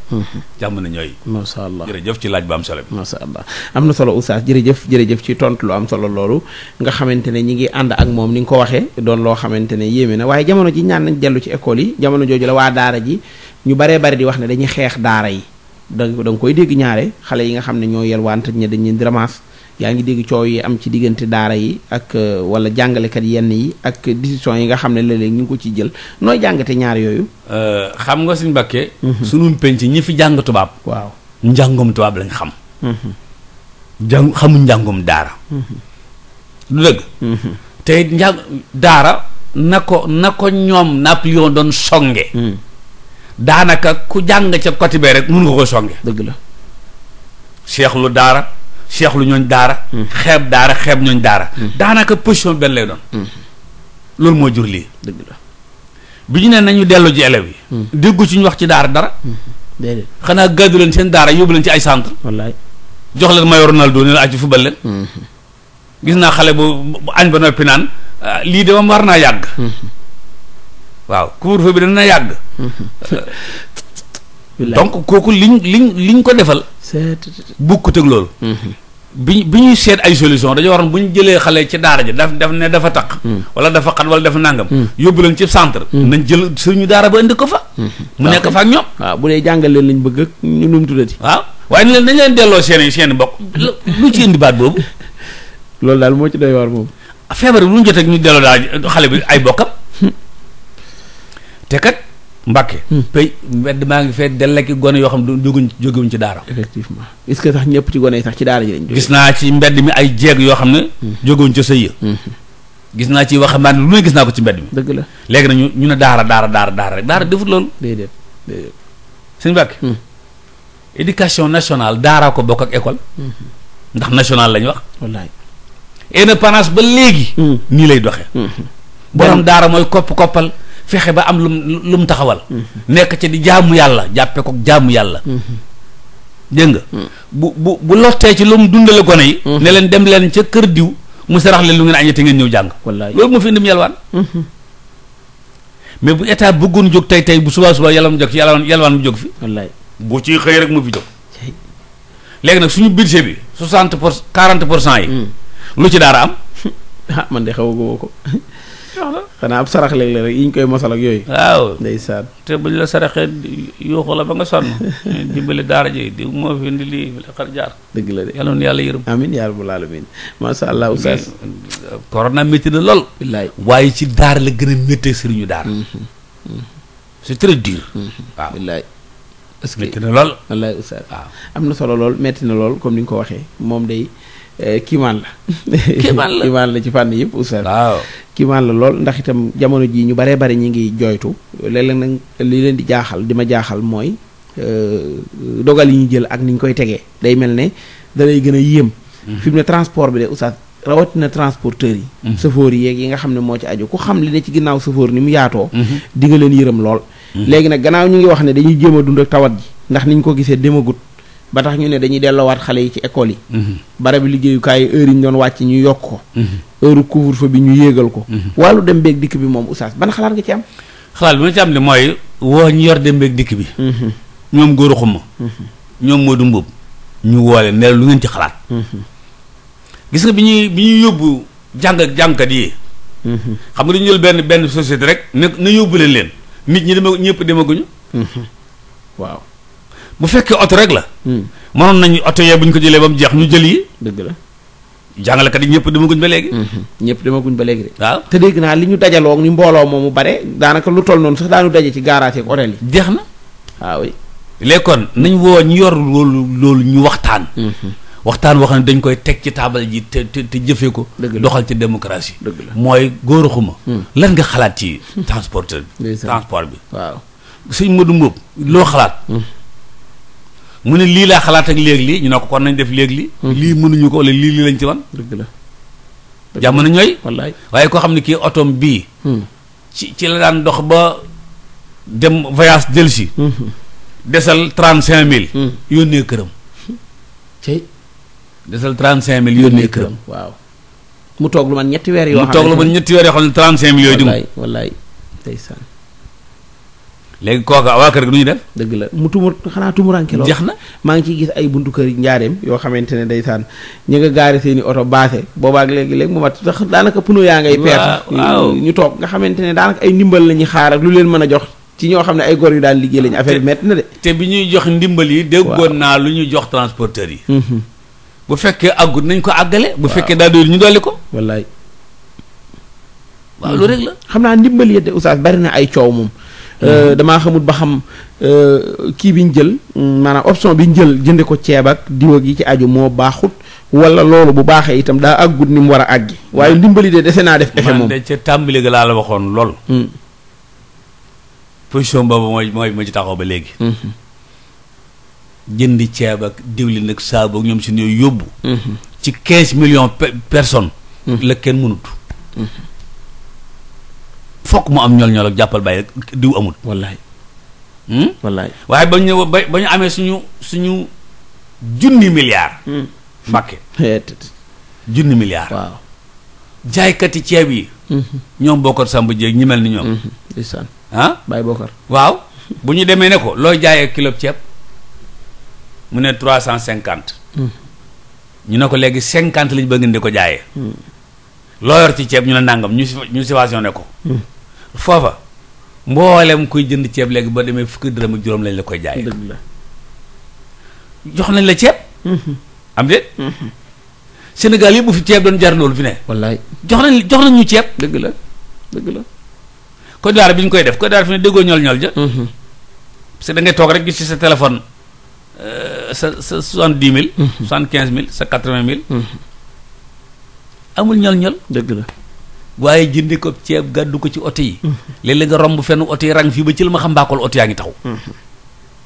jàmm na ñooy. macha allah jërëjëf ci laaj bi am solo bi. macha allah am na solo oustaz jërëjëf jërëjëf ci tontu lu am solo loolu nga xamante ne ñi ngi ànd ak moom ni nga ko waxee doon loo xamante ne yéeme na waaye jamono ji ñaan nañ dellu ci école yi jamono jooju la waa daara ji ñu baree bari di wax ne dañuy xeex daara yi da da nga koy dégg ñaare xale yi nga xam ne ñoo yelwaan te ñu dañuy ramas yaa ngi dégg coow yi am ci diggante daara yi ak euh, wala jàngalekat yenn yi ak décision yi nga xam ne léeg-léeg ñu ngi ko ci jël nooy jàngate ñaar yooyu. Euh, xam nga suñu Mbàkke. Mhm. sunu penc ñi fi jàng tubaab. waaw njàngum tubaab lañ xam. Mhm. jàng njàngum daara. lu mhm. dëgg. te njàng daara na ko na ko ñoom yoo doon songe. daanaka ku jàng ca côté bee rek mun nga ko songe. dëgg la. seexlu daara. seexlu ñooñ daara hmm. xeeb daara xeeb ñooñ daara hmm. daanaka position benn lay doon hmm. loolu moo jur lii bi ñu ne nañu dellu ji élèves yi déggu ci ñu wax ci daara dara xanaa gàddu leen seen daara yóbbu leen ci ay centre jox leen mayor Ronaldo ne la aju fubal leen gis naa xale bu bu añ ba noppi naan ah, lii de moom war naa yàgg waaw couvre-feu bi dana yàgg donc kooku liñ liñ liñ ko defal bukkut ak loolu bi bi ñuy seet ay solution dañoo waroon bu ñu jëlee xale ci daara ji daf daf ne dafa taq hmm. wala dafa xat wala dafa nàngam hmm. yóbbu leen ci centre hmm. nañ jël suñu daara ba indi ko fa mu nekk fa ak ñoom waaw bu dee jàngal leen lañ bëgg ak ñu num tuddati waaw waaye ni leen nañ leen delloo seen seen mbokk lu ci indi baat boobu loolu daal moo ci doy waar moom feebar bu ñu jot ak ñu delloo daal xale bi ay bokkam te Mbacke. Hmm. pay mbedd maa ngi fee dellek gone yoo xam ne jóguñ jógewuñ ci daara. effectivement est-ce que sax ñëpp ci gone yi sax ci daara ji lañ. gis naa ci mbedd mi ay jeeg yoo xam ne. Hmm. jógewuñ ci sëy hmm. gis naa ci waxambaane lu ne gis naa ko ci mbedd mi. dëgg la léegi nag ñu ñu ne daara daara daara daara rek daara defut loolu. déedéet déedéet. sëñ Mbacke. daara ko bokk ak école. ndax national lañ wax. wallaay indépendance ba léegi. nii lay doxee. borom daara mooy kopp koppal. fexe ba am lum lu mu taxawal. nekk ca di jaamu yàlla jàppe ko jaamu yàlla. dégg nga. bu bu bu lottee ci lu mu dundale gone yi. ne leen dem leen ca kër diw mu sarax leen lu ngeen añete ngeen ñëw jàng. wallaay loolu moo fi indi mu yalwaan. mais bu état bëggoon jóg tey tey bu subaa subaa yàlla mu jóg ci yàlla yalwaan mu jóg fi. wallaay bu ci xëy rek mu fi jóg. léegi nag suñu budget bi 60 pour quarante pour cent yi. Mm. lu ci daara am. Ah, man de xaw ko. xanaa ab sarax léeg la rek yi ñu koy mosal ak yooyu. waaw ndeysaan. te buñ la saraxee yuuxu la ba nga sonn. dimbali daara ji di moo fi indi lii la xar jaar. dëgg la de yal yàlla yërëm. amiin yaa rabbal aalamiin macha allah oustaz. Euh, corona métti na lool. waaye ci daara la gën a méttee sëriñu daara. Mm-hmm. Mm-hmm. c'est très dur. Mm-hmm. waaw wallaay. est-ce que métti waaw am na solo lool metti na lool comme ni nga ko waxee moom day. Eh, kiimaan la. kiimaan la la ci fànn yëpp oustaz. waaw kiimaan la lool ndax itam jamono jii ñu baree bari ñu ngi jooytu léeg na li leen di jaaxal di ma jaaxal mooy eh, dogal yi ñu jël ak ni ñu koy tegee day mel ne da lay gën a yéem. Hmm. fi mu ne transport bi de oustaz rawatina transporteurs yi. Hmm. safoor yi yeeg yi nga xam ne moo ci aju ku xam li ne ci ginnaaw safoor ni mu yaatoo. Hmm. di leen yërëm lool. léegi nag gannaaw ñu ngi wax ne dañuy jéem a dund ak tawat ji ndax niñ ko gisee demagut. ba tax ñu ne dañuy waat xale yi ci école yi barab liggéeyukaay heure doon wàcc ñu yokk ko heure couvre-feu bi ñu yéegal ko wàllu dem beeg dikk bi moom oustaz ban xalaat nga ci am xalaat bi ma ci am ne mooy woo ñu yor dem beeg dikk bi ñoom góoru xuma ñoom Modou Mboub ñu woole ne lu ngeen ci xalaat gis nga bi ñuy bi ñuy yóbbu jàng ak jàngkat yi xam nga dañu jël benn benn société rek ne na yóbbu leen leen nit ñi dema ñëpp demaguñu waaw bu fekkee oto rek la. Hmm. mënoon nañu oto yee bu ñu ko jëlee ba mu jeex ñu jël yi. dëgg la jàngalekat yi ñëpp demaguñ ba léegi. Hmm. ñëpp demaguñ ba léegi de. waaw te dégg naa li ñu dajaloo ni mbooloo moom mu bare daanaka lu toll noonu sax daanu daje ci garage ak hôtel yi. jeex na waaw ah léegi kon nañ woo ñu yor loolu loolu ñu waxtaan. Hmm. waxtaan boo xam ne dañ koy teg ci taabal ji te te te jëfee ko. doxal ci démocratie. dëgg mooy góoraxuma lan nga xalaat ci transporteur bi. transport bi waaw sëñ Modou Mboob loo xalaat. mu ne lii laa xalaat ak léeg lii ñu ne ko kon nañ def léeg li mhm. lii mënuñu ko wala lii lii lañ ci man dëgg la jàmm na ñooy waaye koo xam ne kii otom bii hmm. ci ci la daan dox ba dem voyage delsi hmm. desal trente cinq mille hmm. yónnee këram cey desal trente cinq mille yónnee këram waaw mu toog lu man ñetti weer yoo xam ne mu toog lu ñetti weer yoo xam ne trente cinq mille yooyu dugg wallaay léegi kooka waa kër gi du ñu def. dëgg la mu tumu xanaa tumuranke lool jeex na maa ngi ciy gis ay buntu kër njaareem yoo xamante ne ndeysaan ñi nga gaari seeni i oto baase boobaak léegi léegi mu mat tax daanaka pneu yaa ngay perte waaw ñu toog nga xamante ne daanaka ay ndimbal la ñuy xaar lu leen mën a jox ci ñoo xam ne ay góor yu daan liggéey lañu affaire bi métti na de te bi ñuy jox ndimbal yi déggoon naa lu ñu jox transporteur yi mm-hmm. bu fekkee àggut nañ ko àggale bu fekkee daa doyul ñu dolli ko wallaay waaw loolu rek naa ndimbal yi de oustaz bari na ay coow moom Euh, damaa xamul ba xam euh, kii bi ñu jël maanaam option bi ñu jël jënde ko ceeb ak diwa gi ci aju moo baaxut wala loolu bu baaxee itam daa àggut ni mu war a àggi waaye ndimbali de dese naa def effet moom man de ca tàmbali ga waxoon lool hmm. position boobu mooy mooy ma ci taxaw ba léegi hmm. jënd ceeb ak diwlin ak saabu ak ñoom si ñooy yóbbu hmm. ci quinze millions personnes la kenn mënut fokk mu am ñool-ñool ak jàppal bàyyi rek diw amul. wallaay. Hmm? waaye ba ñu ba ba ñu amee suñu suñu junni milliards. Hmm. mbàkke. junni milliards. waaw jaaykati ceeb yi. Hmm. ñoom bokkar Samba Dieng ñi mel ni ñoom. Ah? bàyyi bokkar waaw bu ñu demee ne ko looy jaayee kilo ceeb mu ne trois cent cinquante. ñu ne ko léegi cinquante lañ bëgg di ko jaayee. loo yor ci ceeb ñu ne nangam ñu ñu subventionné ko. foofa mboolem koy jënd ceeb léegi ba demee fukk dërëm ak juróom lañ la koy jaay dëgg la jox nañ la ceeb mm-hmm. am déet mm-hmm. Sénégal yëpp bu fi ceeb doon jar loolu fi ne wallaay jox nañ jox nañ ñu ceeb dëgg la dëgg la Côte bi ñu koy def Côte d'Ivoire fi ne déggoo ñool ñool ja mm-hmm. parce que da ngay toog rek gis ci sa téléphone euh, sa sa soixante dix mille soixante quinze mille sa quatre vingt mille amul ñool ñool dëgg la waaye jëndi ko ceeb gàddu ko ci oto yi. Mm-hmm. léeg-léeg nga romb fenn oto yi rang fii ba ci la ma xam mbaakool oto yaa ngi taxaw. Mm-hmm.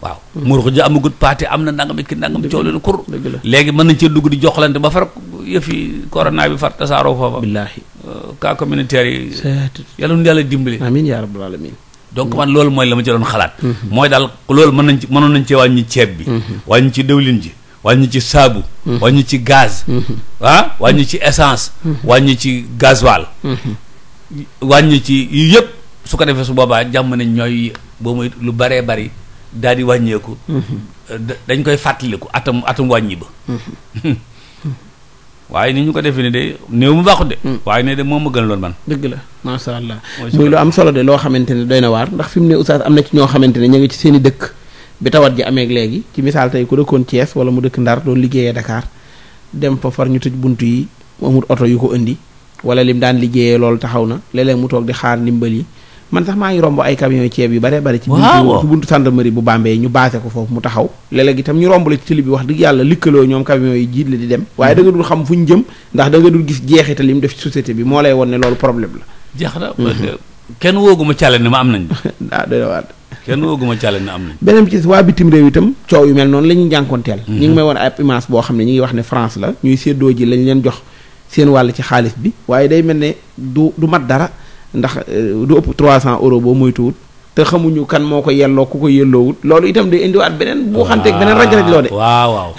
waaw muur ko ja amagut paate am na nangam ki nangam coow leen kur léegi mën nañ cee dugg di joxlante ba far yëfi corona bi far tasaaroo foofa billaahi euh, cas communautaire yi yàlla nu yàlla dimbali amiin yaa rabbal alamin donc man loolu mooy la ma ci doon xalaat mm-hmm. mooy daal loolu mën nañ ci mënoon nañ cee wàññi ceeb bi wàññi ci dëwlin ji wàññi ci saabu. Mm-hmm. wàññi ci gaz. Mm-hmm. ah wàññi ci essence. Mm-hmm. wàññi ci gasoil. wàññi ci yëpp su ko defee su boobaa jàmm nañ ñooy boo muy lu baree bari daal di wàññeeku. dañ koy fàttaliku atam atam wàññi ba. waaye ni ñu ko defee ni de néew mu baaxut de. Mm. waaye ne de moom ma gën loon man. dëgg la macha allah. muy lu am solo de loo xamante ne doy na waar ndax fi mu ne oustaz am na ci ñoo xamante ne ñu ngi ci seen i dëkk. bi tawat ji amee léegi ci misaal tey ku dëkkoon Thiès wala mu dëkk Ndar doon liggéeyee Dakar dem fa far ñu tëj bunt yi amul oto yu ko indi wala lim daan liggéeyee loolu taxaw na léeg mu toog di xaar ndimbal yi man sax maa ngi romb ay camion ceeb yu bare bare ci buntu ci buntu gendarmerie bu Bambey ñu baase ko foofu mu taxaw léeg-léeg itam ñu romb la ci télé bi wax dëgg yàlla likkaloo ñoom camion yi jiit la di dem waaye da nga dul xam fu ñu jëm ndax da nga dul gis li mu def ci société bi moo lay won loolu problème jeex na mm-hmm. kenn woogu ma càlle ne ma am nañ ah doy kenn wooguma challenge na am nañ beneen bi ci waa bitim réew itam coow yu mel noonu la ñuy jànkoonteel mhm. ñi ngi may woon ab image boo xam ne ñi ngi wax ne France la ñuy séddoo ji lañ leen jox seen wàll ci xaalis bi waaye day mel ne du du mat dara ndax euh, du ëpp 300 euro boo moytuwut te xamuñu kan moo ko yelloo ku ko yelloowut loolu itam day indiwaat beneen bu xanteeg beneen raj raj loo de waaw waaw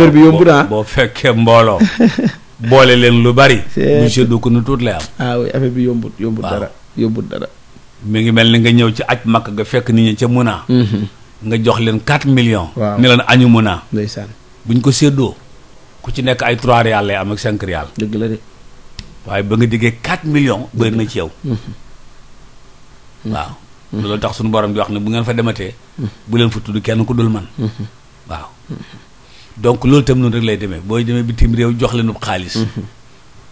sa bi yombu naa boo fekkee mbooloo boole leen lu bari. bu séddoo ko nu tuut ah bi yombut yombut dara mi ngi mel ni nga ñëw ci aj makk nga fekk nit ñi ca Muna. Mhm. nga jox leen 4 millions. waaw ne leen añu Muna. bu buñ ko seddoo ku ci nekk ay 3 rial am ak 5 rial. waaye ba nga diggee 4 millions. bëri na ci yow. Mhm. Mhm. waaw. loolu tax suñu borom di wax ne bu ngeen fa dematee. bu leen fu tudd kenn ku dul man. waaw donc loolu tam noonu rek lay demee booy demee bitim réew jox leen xaalis.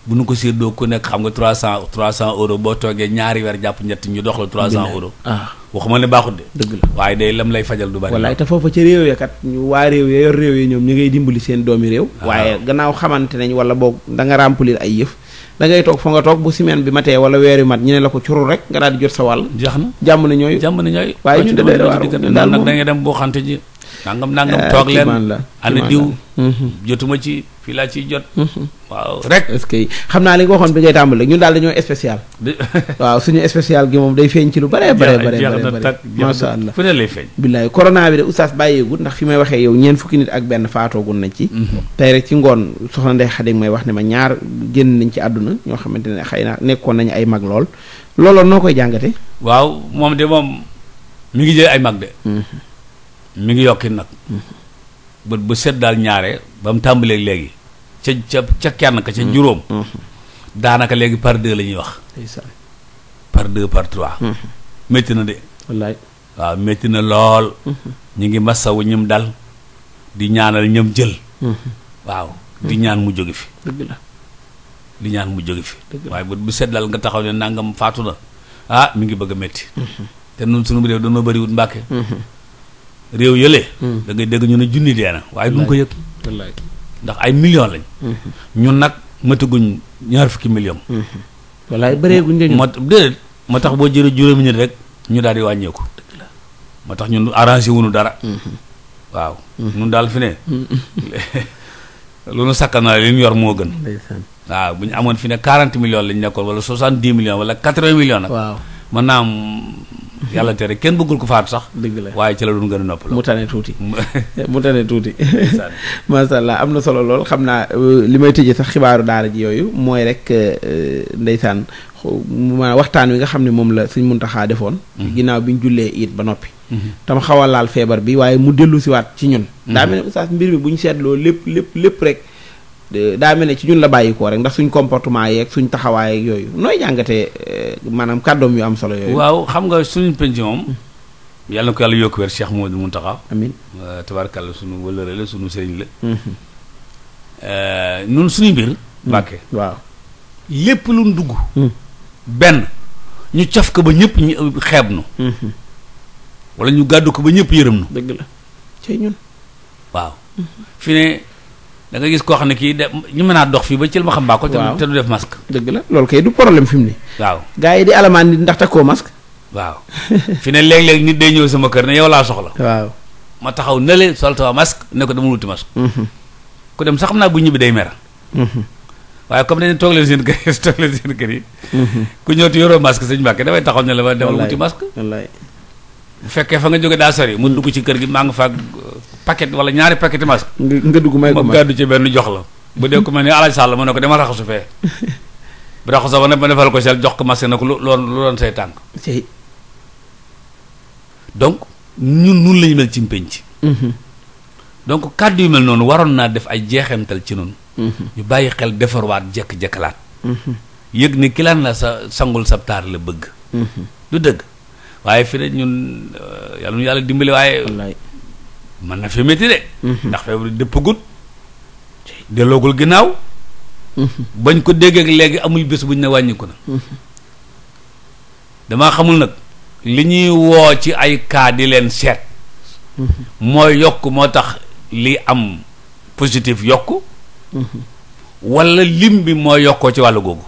bu nu ko séddoo ku nekk xam nga trois cent trois cent euros boo toogee ñaari weer jàpp ñett ñu dox la trois cent euros ah. waxuma ne baaxut de dëgg la waaye day lam lay fajal du bari wallaay te foofa ci réew ya kat ñu waa réew ya yor yi ñoom ñu ngay dimbali seen doomi réew ah. waaye gannaaw xamante nañ wala boog da nga remplir ay yëf da ngay toog fa nga toog bu semaine bi matee wala weer yu mat ñu ne la ko curul rek nga daal di jot sa wàll jàmm na ñooy jàmm na ñooy waaye ñu de doy waar daal nag da dem boo xante ji nangam nangam eh, toog leen ana diw mm-hmm. jotuma ci fii laa ciy jot mm-hmm. waaw rek est-ce que xam naa li nga waxoon bi ngay tàmbali ñun daal dañoo spécial waaw suñu spécial gi moom day feeñ ci lu bare bare bare bare masha allah fu ne lay feeñ billaay corona bi de oustaz bàyyeegul ndax fi may waxee yow ñeent fukki nit ak benn faatoogun nañ ci mm-hmm. tey rek ci ngoon soxna Ndeye Xadi may wax ne ma ñaar génn nañ ci àdduna ñoo xamante ne xëy naa nekkoon nañu ay mag lool looloon noo koy jàngate waaw moom de moom ngi jël ay mag de mi ngi yokki nag bët bu seddal ñaare ba mu tàmbalee léegi ca ca ca kenn ka ca mm. juróom mm-hmm. daanaka léegi par deux la ñuy wax par deux par trois mm-hmm. métti na de wallaay waaw métti na lool mm-hmm. ñu ngi masawu ñëm dal di ñaanal ñëm jël waaw di ñaan mu jóge fi dëgg di ñaan mu jóge fi waaye bët bu seddal nga taxaw ne mu faatu na ah mu ngi bëgg a métti te nun suñu bu dee dañoo bëriwut mbàkke réew yële. Hmm. da ngay dégg ñu ne junni dee na waaye duñ ko yëg. ndax ay million lañ. Hmm. ñun nag mataguñ ñaar fukki millions. Hmm. wallaay bëreeguñ de ñun moo déedéet tax boo jëlee juróomi nit rek ñu daal di wàññeeku. moo tax ñun arrangé wuñu dara. waaw ñun daal fi ne. lu nu sakkanaay li ñu yor moo gën. waaw bu ñu amoon fi ne 40 millions lañ nekkoon wala 70 millions wala 80 millions nag. waaw naa am yàlla tere kenn bëggul ko faatu sax. dëgg la waaye ci la doon gën a nopp la mu tane tuuti mu tane tuuti. macha allah am na solo lool xam naa euh, li may tëjee sax xibaaru daara ji yooyu mooy rek euh, euh, ndeysaan ma waxtaan wi nga xam ne moom la suñ muntaxaa defoon. Mhm. ginnaaw bi ñu jullee it ba noppi. Mhm. tam xawalaal feebar bi waaye mu dellu siwaat ci ñun. daa mhm. mel ne oustaz mbir mi bu ñu seetloo lépp lépp lépp rek. daa mel ne ci ñun la bàyyi ko rek ndax suñ comportement yeeg suñ taxawaay ak yooyu nooy jàngatee eh, maanaam kàddoom yu am solo yooyu. waaw xam nga suñu penc moom. yàlla na ko yàlla yokk weer Cheikh Modou Mountakha. amiin euh, tabaarkàlla suñu wëllëre la suñu sëriñ la. Mm-hmm. Euh, ñun suñu mbir. Mm-hmm. Mbàkke waaw. lépp luñ dugg. Mm. benn ñu caf ko ba ñëpp ñu euh, xeeb nu. Mm-hmm. wala ñu gàddu ko ba ñëpp yërëm nu. dëgg la cay ñun. waaw fi ne. danga gis koo xam ne kii de ñu mën a dox fii ba cël ma xam baa ko te du def masque dëgg la loolu kay du problème fi ne waaw gars yi di alamaan nit ndax takkoo masque waaw fi ne léeg-léeg nit day ñëw sama kër ne yow laa soxla waaw ma taxaw nale sol sama masque ne ko dama wuti masque mm-hmm. ku dem sax naa bu ñibbi day mer mm-hmm. waaye comme dañu toog leen seen kër yi toog leen seen kër yi mm-hmm. ku taxaw ne la ma demal wuti masque bu fekkee fa nga jóge daa sori mu dugg ci kër gi maa ngi faag paquet wala ñaari paquet masque. nga dugg may ko ma gàddu ci benn jox la. bu dee ko mel ni alaaj sàll ma ne ko dama raxasu fee bu raxasoo ba ne ma defal ko sel jox ko masque na ko lu loon lu doon say tànk. donc ñun nun lañu mel ci mpénc mm-hmm. donc kàddu yu mel noonu waroon naa def ay jeexantal ci noonu. Mm-hmm. ñu bàyyi xel defarwaat jekk-jekkalaat. Mm-hmm. yëg ni kilaan la sa sangul sa taar la bëgg. du dëgg waaye fi ne ñun euh, yàlla nu waaye. man na fi métti de. Mhm. ndax feebar dëppagul. delloogul ginnaaw. Mhm. bañ ko déggee léegi amul bés buñ ne wàññiku na. Mhm. damaa xamul nag li ñuy woo ci ay cas di leen seet. mooy yokk moo tax li am positif yokk. wala lim bi mooy yokkoo ci wàllu googu.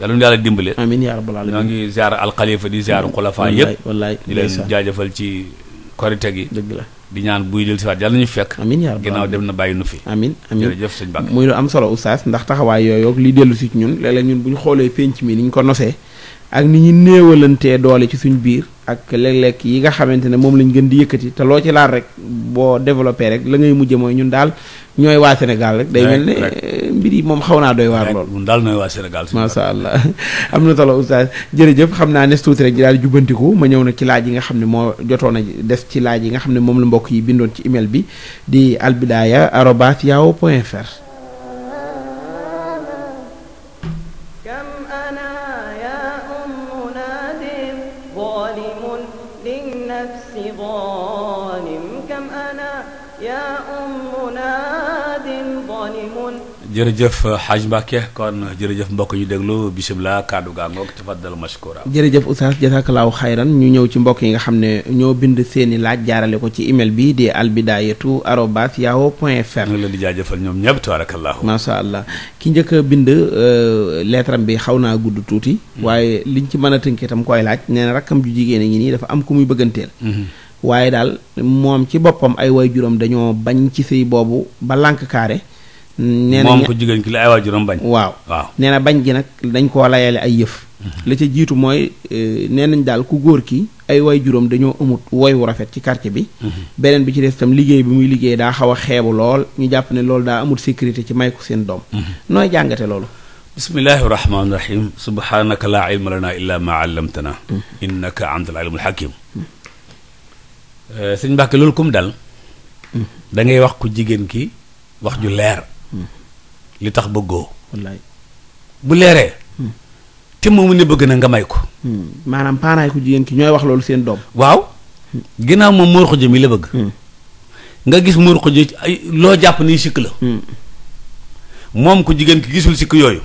yàlla nu yàlla dimbale. amiin yaa rabbal aalamiin ñoo ngi ziar alxalifa di ziar xulafa yëpp. di leen jaajëfal ci. korite gi dëgg la di ñaan buy del siwaat yàlla nañu fekk amiin yaa dem na bàyyi nu fi amiin amiin jërëjëf sëñ Mbàkke muy lu am solo oustaz ndax taxawaay yooyu li dellu si ñun léeg-léeg ñun bu ñu xoolee pénc mi ni ñu ko nosee ak ni ñu néewalantee doole ci suñu biir ak léeg-léeg yi nga xamante ne moom lañ gën di yëkkati te loo ci laal rek boo développé rek la ngay mujje mooy ñun daal ñooy waa Sénégal rek day mel ne eh, mbir yi moom xaw naa dooy waar lool ñun daal ñooy waa Sénégal masha Allah am na solo oustaz jërëjëf xam naa nes tuuti rek di daal di jubbantiku ma ñëw na ci laaj yi nga xam ne moo jotoon a des ci laaj yi nga xam ne moom la mbokk yi bindoon ci email bi di albidaaya arobas yahoo point fr jërëjëf euh, Hadj Mbacke kon euh, jërëjëf mbokk ñu déglu bisimilah kaddu gaangoog tafaddal mashkura jërëjëf oustaz jazakallahu xayran ñu ñëw ci mbokk yi nga xam ne ñoo bind seeni laaj jaarale ko ci email bi di albidayatu arobas yahoo point fr ñu ngi leen di ñoom ñëpp tabarakallahu macha allah ki njëkk a bind euh, leetaram bi xaw naa gudd tuuti hmm. waaye liñ ci mën a tënkee tam koy laaj nee na rakkam ju jigéen a ngi nii dafa am ku muy bëgganteel hmm. waaye daal moom ci boppam ay way juróom dañoo bañ ci sëy boobu ba lànk nee moom ko jigéen ki la ay waajuram bañ. waaw waaw nee na bañ gi nag dañ koo layale ay yëf. Mhm. la ca jiitu mooy eh, nee nañ daal ku góor ki ay waajuram dañoo amut woy wu rafet ci quartier bi. Mhm. beneen bi ci des itam liggéey bi muy liggéey daa xaw a xeebu lool ñu jàpp ne loolu daa amul sécurité ci may ko seen doom. Mhm. nooy jàngate loolu. bismillahi rahmaani rahim subhaanaka laa ilma lanaa illaa maa allamtanaa. innaka antal alimul hakim. Eh, sëñ Mbàkke loolu kum dal. da wax ku jigéen ki wax ju leer. li tax bëggoo. bu leeree. Hmm. te moomu ne bëgg na nga may ko. Hmm. maanaam paanaay ku jigéen ki ñooy wax loolu seen doom. waaw hmm. ginnaaw moom Mor Khoudia mi la bëgg. nga gis Mor Khoudia ay loo jàpp nii sikk la. moom ku jigéen ki gisul sikk yooyu.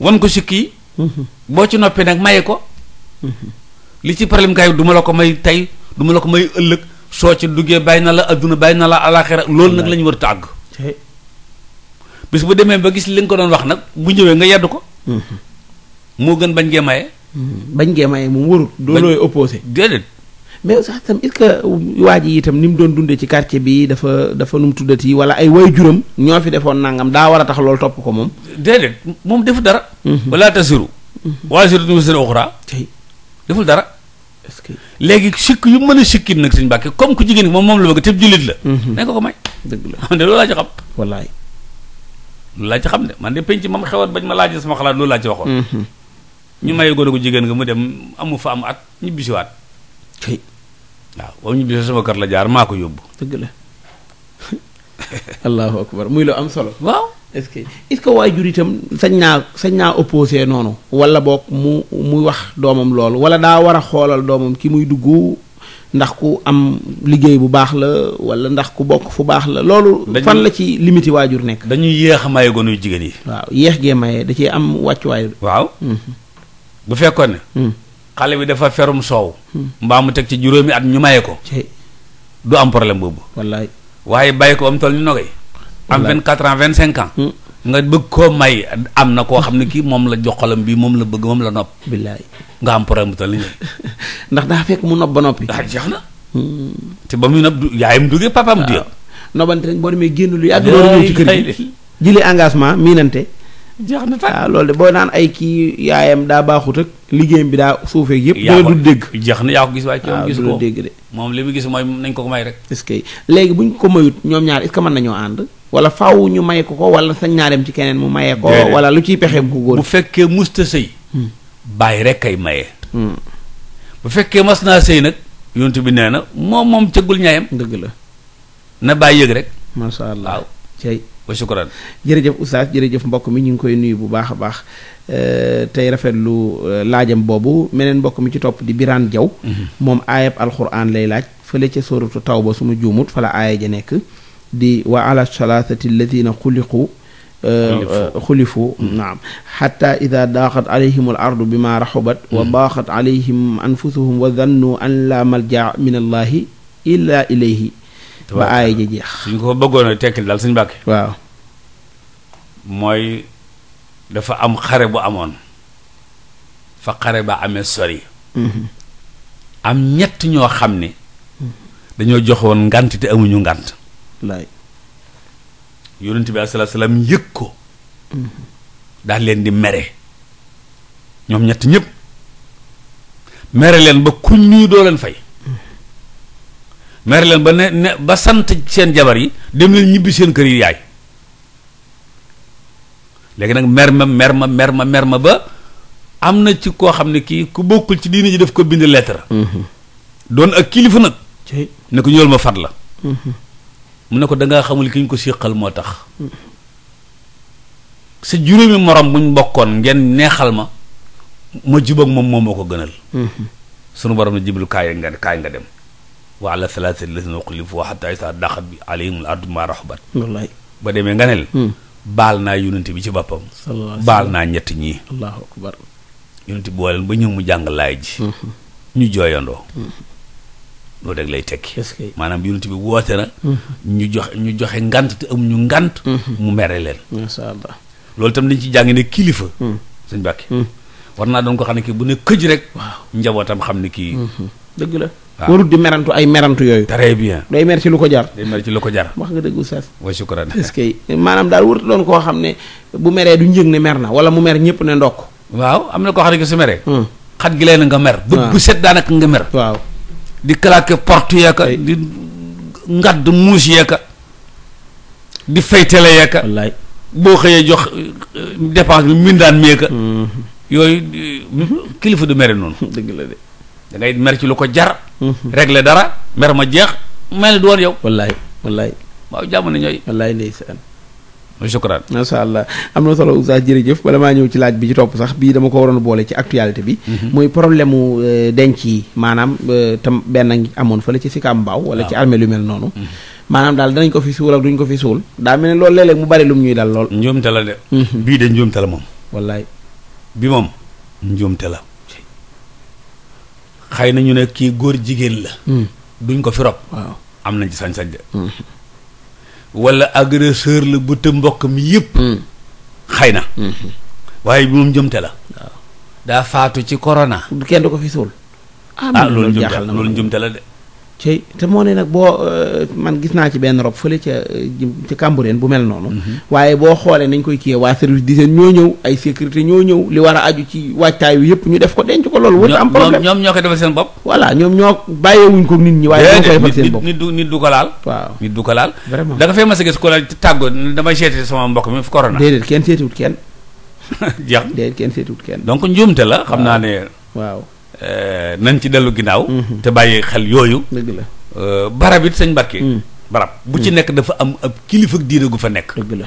wan ko sikk yi. boo ci noppee nag maye ko. li ci problème kay duma la ko may tey du ma la ko may ëllëg soo ci duggee bàyyi na la adduna bàyyi na la alaxira loolu nag lañu ñu war bis bu demee ba gis li nga ko doon wax nag bu ñëwee nga yedd ko. Mhm. moo gën bañ gee maye. Mhm. bañ gee maye moom warul. doo looy opposé déedéet. mais sax tam est-ce que waa itam ni mu doon dundee ci quartier bi dafa dafa nu mu tuddati wala ay juróom ñoo fi defoon nangam daa war a tax loolu topp ko moom. déedéet moom deful dara. Mhm. wala tasiru. wala si ruutu seen uxra. deful dara. léegi sikk yu mën a sikki nag suñu mbàkke comme ku jigéen moom moom la bëgg te la. nañ ko ko may. dëgg la xam ne lu laa ci xam ne man de penc ma mu xewoon bañ ma laaj sama xalaat loolu laa ci waxoon. Mhm. ñu may gone ko jigéen nga mu dem amu fa am at ñibbisiwaat. tey waaw boobu ñibbisi kër la jaar maa ko yóbbu. tëgg la allahu akbar muy lu am solo. waaw est-ce que est-ce waajur itam sañ naa sañ naa opposé noonu. wala boog mu muy wax doomam loolu wala daa war a xoolal doomam ki muy dugg. ndax ku am liggéey bu baax la wala ndax ku bokk fu baax la loolu fan la ci limiti waajur nekk dañuy yéex a maye gonu jigéen yi waaw yéex gee maye da ci am wàccuwaay waaw hmm. bu fekkoon ne hmm. xale bi dafa ferum soow hmm. mbaa mu teg ci juróomi at ñu maye ko du am problème boobu wallaay waaye bàyyi ko am toll ni nogay am vingt quatre ans vingt cinq ans nga bëgg koo may am na koo xam ne kii moom la joxalam bi moom la bëgg moom la nopp. billaay nga am problème bu tal ndax daa fekk mu nopp ba noppi. daa ah, jeex na. Hmm. te ba muy nopp du yaayam duggee papaam. waaw nobante rek boo demee génn lu yàgg. loolu ñëw ci kër gi jëlee engagement miinante. jeex na tàkk waaw loolu de boo naan ay kii yaayam daa baaxut ak liggéeyam bi daa suufee yëpp. yaa ko du dégg jeex na yaa ko gis waaye ci moom dégg de. moom li mu gis mooy nañ ko ko may rek. est que léegi bu ñu ko mayut ñoom ñaar est man que mën nañoo ànd. wala faw ñu may ko ko wala sañ naa dem ci keneen mu mayee ko. wala lu ciy pexeem ko góor. bu fekkee musta sëy. Hmm. bàyyi rek ay maye. Hmm. bu fekkee mas naa sëy nag. yontu bi nee na moom moom cëggul ñaayam. dëgg la na bàyyi yëg rek. macha allah waaw wa jërëjëf oustaz jërëjëf mbokk mi ñu ngi koy nuyu bu baax a baax euh, tey rafetlu euh, laajam boobu meneen mbokk mi ci topp di Birane Diaw mhm. moom aayab alquran lay laaj fële ca sóoratu tawba su ma juumut fala aaya ja nekk di wa ala salaasati alladina xuliqu euh, xulifu mhm. naam xata ida daaxat alayhim ardu bi ma raxubat wa daaxat mhm. alayhim anfusuhum wa dannu an la malja min allahi illa ilayhi ba aaya ji jeex. suñ ko bëggoon a tekkil daal suñu bàkke waaw. mooy dafa am xare bu amoon fa xare ba amee sori. Mm-hmm. am ñett ñoo xam ni dañoo jox woon ngànt te amuñu ngànt. wallaay. yonent bi asalaatu yëg ko. Mm-hmm. daal leen di mere. ñoom ñett ñëpp. mere leen ba ku ñuy doo leen fay. mer leen ba ne ne ba sant seen jabar yi dem leen ñibbi seen kër yi yaay léegi nag mer ma mer ma mer ma mer ma ba am na ci koo xam ne kii ku bokkul ci diine ji def ko bind lettre. Mm-hmm. doon ak kilifa nag. ne ko ñëwal ma fat la. Mm-hmm. mu ne ko da xamul ki ñu ko séqal moo tax. Mm-hmm. sa juróomi moroom buñ bokkoon ngeen neexal ma ma jubóog moom moom moo ko gënal. sunu borom na jiblu kaay nga kaay nga dem. wa ala salaasati lazina sa xataa bi daqat mu alayhimul ardu bimaa raxubat wallaay ba demee nga ne hmm. baal naa yonent bi ci boppam baal naa ñett ñii allahu akbar yonent bi ba ñëw mu jàng laay ji hmm. ñu jooyandoo hmm. loolu rek lay tekki maanaam yonent bi woote na ñu joxe ñu joxe ngant te am ñu ngant mu mere leen masha loolu tam dañ ci jàng ne kilifa sëñ Bàkke war naa doon ko xam ne kii bu ne këj rek njabootam xam ne kii dëgg la waaw di merantu ay merantu yooyu. très bien day mer ci lu ko jar. day mer ci lu ko jar. wax nga dëgg oustaz. wa shukran est-ce que maanaam daal warut doon koo xam ne bu meree du njëg ne mer na wala mu mer ñëpp ne ndokk. waaw am na koo xam ne su meree. Hmm. xat gi leen nga mer. waaw bu set daanaka nga mer. waaw di claquer porte yeeka di ngadd muus yeeka di faytale yeeka. wallaay boo xëyee jox euh, dépense bi mu meeka. Hmm. yooyu euh, hmm. kilifa du mere noonu. dëgg la de. da ngay mer ci lu ko jar. régler dara mer ma jeex mel ni du woon yow. wallaay wallaay. waaw jàmm na ñooy. wallaay ndeysaan. shukran macha allah am na solo oustaz jërëjëf bala maa ñëw ci laaj bi ci topp sax bii dama ko waroon boole ci actualité bi muy mhm. problème mu euh, denc yi maanaam euh, tam benn ngi amoon fële ci Sicap Mbao wala ci armée lu mel noonu mhm. maanaam daal danañ ko fi suul ak duñ ko fi suul daa mel ne loolu léeg mu bari lum ñuy dal lool njuumte la de mhm. bii de njuumte la moom wallaay bi moom njuumte la xëy na ñu ne kii góor jigéen la. Hmm. duñ ko fi rob. am na ci sañ-sañ de. Hmm. wala agresseur la bu te mbokk mi yëpp. Hmm. xëy na. waaye bi moom jëmte la. daa faatu ci corona. kenn du ko fi suul. ah, ah loolu jaaxal na loolu jëmte la de. cey te moo ne nag boo euh, man gis naa ci benn rob fële ca ci Cambérène bu mel noonu. Mhm. waaye boo xoolee nañ koy kiiyee waa service d'hygiène ñoo ñëw ay sécurité ñoo ñëw li war a aju ci waajtaay yu yëpp ñu def ko denc ko loolu. wut am problème ñoom ñoo koy defal seen bopp. voilà ñoom ñoo bàyyeewuñ ko nit ñi. waaye ñoo koy defal seen bopp nit du nit du ko laal. waaw nit du ko laal. vraiment da nga a gis ko laal tàggoo damay seeti sama mbokk mi fi corona. déedéet kenn seetiwut kenn. jeex déedéet kenn seetiwut kenn. donc njuumte la xam naa ne waaw. Euh, nañ ci dellu ginnaaw. Mhm. te bàyyi xel yooyu. dëgg la euh, barab it sëñ Mbàkke. Mm. barab bu ci mm. nekk dafa am ab kilifa diine gu fa nekk. dëgg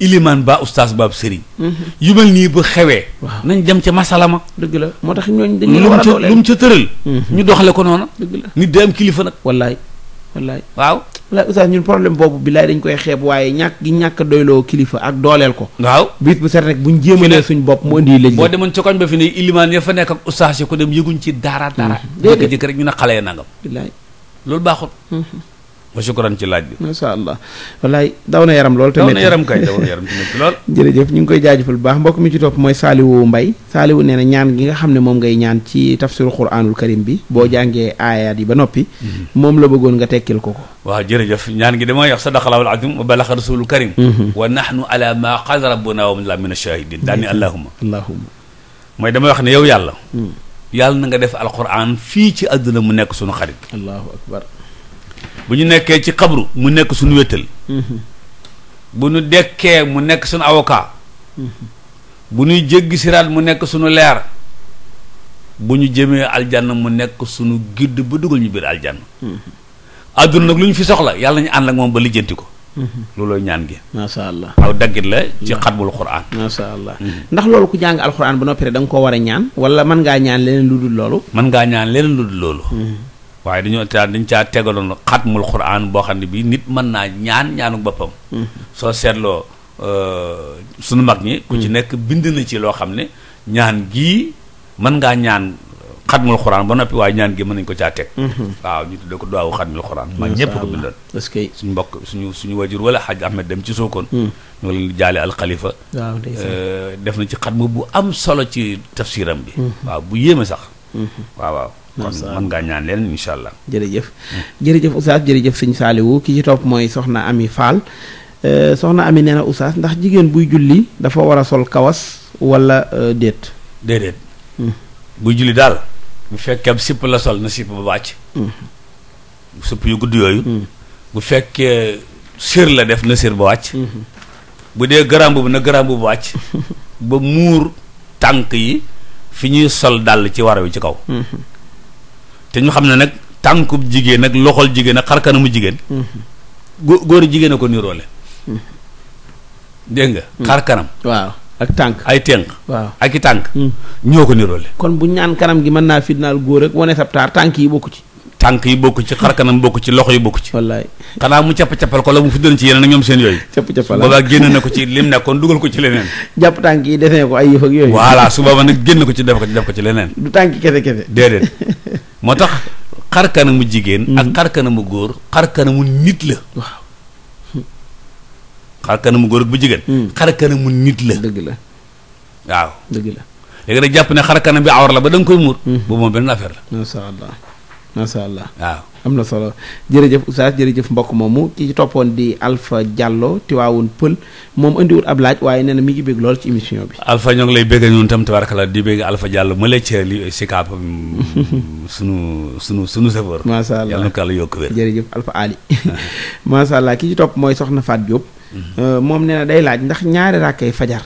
ilimaan ba ustaas baab sëriñ. Mm-hmm. yu mel nii bu xewee. nañ dem ca masalama. dëgg la moo tax a dooleel lu mu ca tëral. Mm-hmm. ñu doxale ko noonu. nit day am kilifa nag wallaay. wallaay waaw. wallaay oustaz ñun problème boobu bi dañ koy xeeb waaye ñàkk gi ñàkk doyloo kilifa ak dooleel ko. waaw biit bu set rek buñ jéemalee suñ bopp mu indi lëj boo demoon ci koñ ba fi ne ilimaan ya fa nekk ak oustaz ko dem yëguñ ci dara dara. Mm-hmm. jékki-jékki rek ñu ne xale ya nangam. wallaay loolu baaxul. Mm-hmm. wa shukran ci laaj bi macha allah wallaay daw na yaram lool te daw na yaram kay daw na yaram te lool jërëjëf ñu ngi koy jaajëfal bu baax mbokk mi ci topp mooy saaliwu mbay saaliwu nee na ñaan gi nga xam ne moom ngay ñaan ci tafsiru quranul karim bi boo jàngee aayaat yi ba noppi mhm. moom la bëggoon nga tekkil ko ko waaw jërëjëf ñaan gi damay wax sadaqallahul azim wa balaxa rasulul karim mhm. wa nahnu ala ma qad rabbuna wa la min ashahidin daani allahuma allahuma mooy damay wax ne yow yàlla mhm. yàlla na nga def alquran fii ci àdduna mu nekk suñu xarit allahu akbar bu ñu nekkee ci xabru mu nekk suñu wéttal bu ñu dekkee mu nekk suñu avocat bu ñuy jéggi siraat mu nekk suñu leer bu ñu jëmee aljanna mu nekk suñu gidd ba dugal ñu biir aljanna àdduna nag lu ñu fi soxla yàlla ñu ànd ak moom ba lijjanti ko loolooy ñaan gi macha allah aw daggit la ci mm-hmm. xatbul quraan macha allah mm-hmm. ndax loolu ku jàng alquraan ba noppi da nga ko war a ñaan wala mën ngaa ñaan leneen lu dul loolu mën ngaa ñaan leneen lu dul loolu mm-hmm. waaye dañoo caa dañ caa tegaloon xatmul quraan boo xam ne bii nit mën naa ñaan ñaanu boppam. Mm-hmm. soo seetloo euh, sunu mag ñi. ku ci mm-hmm. nekk bind na ci loo xam ne ñaan gii mën ngaa ñaan xatmul quraan ba noppi waaye ñaan gi mën nañu ko caa teg. Mm-hmm. waaw ñu tuddee ko duwaawu xatmul quraan. mag que suñu mbokk suñu suñu wajur wala xaj Ahmed dem ci Sokone. Mm. ñu ngi leen di jaale alxalifa. waaw euh, bu am solo ci tafsiram bi. waaw bu yéeme sax. waaw waaw. kon mën ngaa ñaan leen incha allah. jërëjëf jërëjëf Oustaz jërëjëf sëñ Saliou ki ci topp mooy soxna Ami Fall euh, soxna Ami nee na ndax jigéen buy julli dafa war a sol kawas wala euh, déet. déedéet. Hmm. buy julli daal. bu fekkee sipp la sol na sipp ba bàcc. Hmm. sipp yu gudd hmm. bu fekkee sér la def na sér ba wàcc. bu dee garam bu na garam bu wàcc. ba muur tànk yi fi ñuy sol dàll ci war wi ci kaw. te ñu xam ne nag tànku jigéen ak loxol jigéen ak xarkanamu jigéen gó- góor jigéen a ko niroole dégg nga mm. xar kanam waaw ak tànk ay tànk waaw ak i tànk mm. ñoo ko niroole kon bu ñaan kanam gi mën naa fitnaal góor ak wane sab tànk yi bokku ci tànk yi bokk ci xarkanam bokk ci loxo yi bokk ci wallaay xanaa mu capp-cappal ko la mu fuddan ci yeneen ak ñoom seen yooyu capp-cappal génn na ko ci lim nekkoon dugal ko ci jàpp tànk yi defee ko su boobaa nag génn ko ci def ko ci def ko ci leneen du tànk kese kese déedéet moo tax xarkanamu jigéen ak mm-hmm. xarkanamu góor xarkanamu nit la waaw xarkanamu góor ak bu jigéen mm. xarkanamu nit la la dëgg la léegi nag jàpp ne xarkanam bi awar la ba da nga koy muur mm-hmm. boobu moom benn affaire la macha allah waaw am na solo jërëjëf oustaz jërëjëf mbokk moomu ci toppoon di Alpha Diallo Tiwaawoon Pël moom andiwul ab laaj waaye nee na mi ngi bég lool ci émission bi. Alpha ñoo ngi lay bégg ñun tam tabarakala di bégg Alpha Diallo ma lay ca li sikaab mm, sunu sunu sunu sëfër. macha yokk wér. jërëjëf Alpha Ali macha allah ki ci topp mooy Soxna Faat Diop. Mhm. Euh, moom nee na day laaj ndax ñaari rakkay fajar.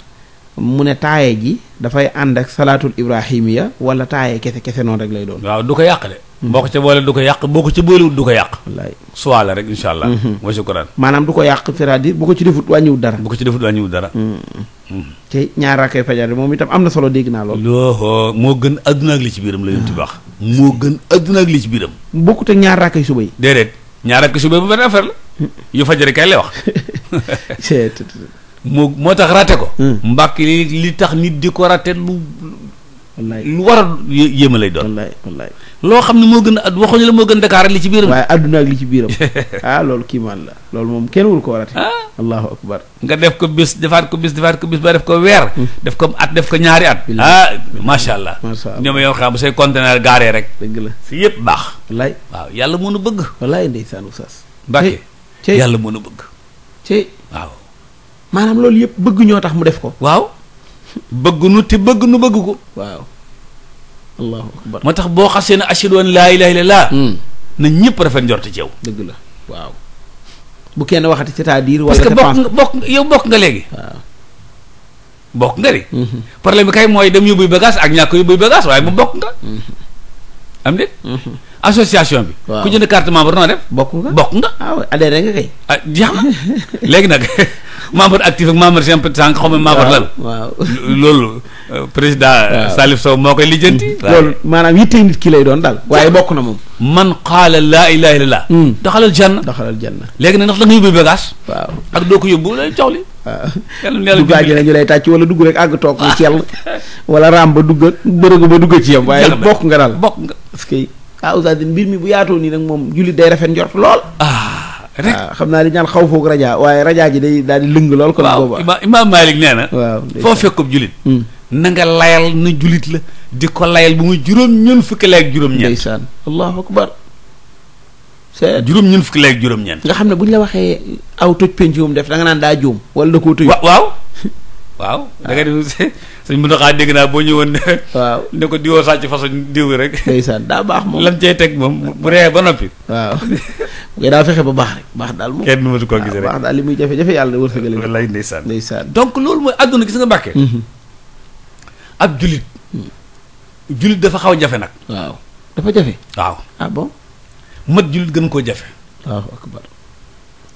mu ne taaye gi dafay ànd ak salaatul ibrahimiya wala taaye kese kese noonu rek lay doon. du ko yàq boo ko ca boole du ko yàq boo ko ca du ko yàq wallaay suwaa la rek insha allah wa mm-hmm. shukran maanaam du ko yàq c'est-à-dire bu ko ci defut wàññiwut dara bu ko ci defut wàññiwut dara mm-hmm. Mm-hmm. te ñaar rakkay fajar moom itam am na solo dégg naa lool moo gën adduna ak li ci biiram la yonti baax ah. moo gën adduna ak li ci biiram bokkut ñaar rakkay suba yi déedéet ñaar rakkay suba bu benn yu fajari kay lay wax moo moo tax raté ko mm. mbàkk li li tax nit di ko raté lu lu war a yéem a lay doon. wallaay loo xam ne moo gën a waxuñu la moo gën Dakar li ci biiram. waaye àdduna ak li ci biiram ah loolu kiimaan la loolu moom kenn wul ko warati. ah allahu akbar. nga def ko bis defaat ko bis defaat ko bis ba def ko weer. Hmm. def ko at def ko ñaari at. ah macha allah. macha allah ñoom yow xam say conteneur gaaree rek. dëgg la si yëpp baax. wallaay waaw yàlla mënu bëgg. wallaay ndeysaan oustaz. Mbàkke yàlla mënu bëgg. ci waaw. maanaam loolu yëpp bëgg tax mu def ko. bëgg nu te bëgg nu bëgg ko waaw allahu akbar moo tax boo xasee ne ashhadu an laa ilaaha illallaah hmm. na ñëpp rafet njort ci yow dëgg la waaw bu kenn waxati c'est-à-dire wala parce que bokk nga bokk yow bokk nga léegi bokk nga de hmm. problème mooy dem yóbbuy bagage ak ñàkk yóbbuy bokk nga hmm. association bi ku jënd carte membre noo def bokk nga bokk nga waaw ah adhéré nga kay ah jeex na léegi nag membre actif ak membre sympathisant xaw ma membre lan. waaw loolu euh, président. Salif Sow moo koy lijjanti. Mm-hmm. loolu maanaam yitte nit ki lay doon daal. waaye bokk na moom. man qaala laa ilaaha illallaah. Mm. daxalal janna. daxalal janna. léegi nag ndax da nga yóbbu bagage. waaw ak doo ko yóbbu lay jox li. waaw dugg àjjana ñu lay tàcc wala dugg rek àgg toog mu sell. wala raam ba dugg a bërëgu ba dugg ci yam. waaye bokk nga daal bokk nga. parce que ah oustaz mbir mi bu yaatoo nii nag moom jullit day rafet njort lool. Ah. rek ah, xam naa di ñaan xaw foog raja waaye raja ji day daal di lëng lool. kon boobaa waaw Imaam Malik nee na. waaw foo fekkub julit. Hmm. na layal na julit la di ko layal bu muy juróom ñun fukki lay ak juróom-ñeent. ndeysaan allahu akbar. c'est juróom ñun fukki lay ak nga xam ne bu ñu la waxee aw toj penc yu def da nga naan daa juum. wala da koo tëj waaw waaw. waaw sëñ bu ndaxaa dégg naa boo ñëwoon waaw ne ko diwoo sàcc façon diw rek ndeysaan daa baax moom lam cee teg moom bu ree ba noppi waaw ngay daa fexe ba baax rek baax daal moom kenn mënatu baax daal li muy jafe-jafe yàlla wërsëgale wallaay ndeysaan ndeysaan donc loolu mooy àdduna gis nga mbàkke mm-hmm. ab julit mm. julit dafa xaw jafe nag dafa jafe waaw ah bon mat julit gën koo jafe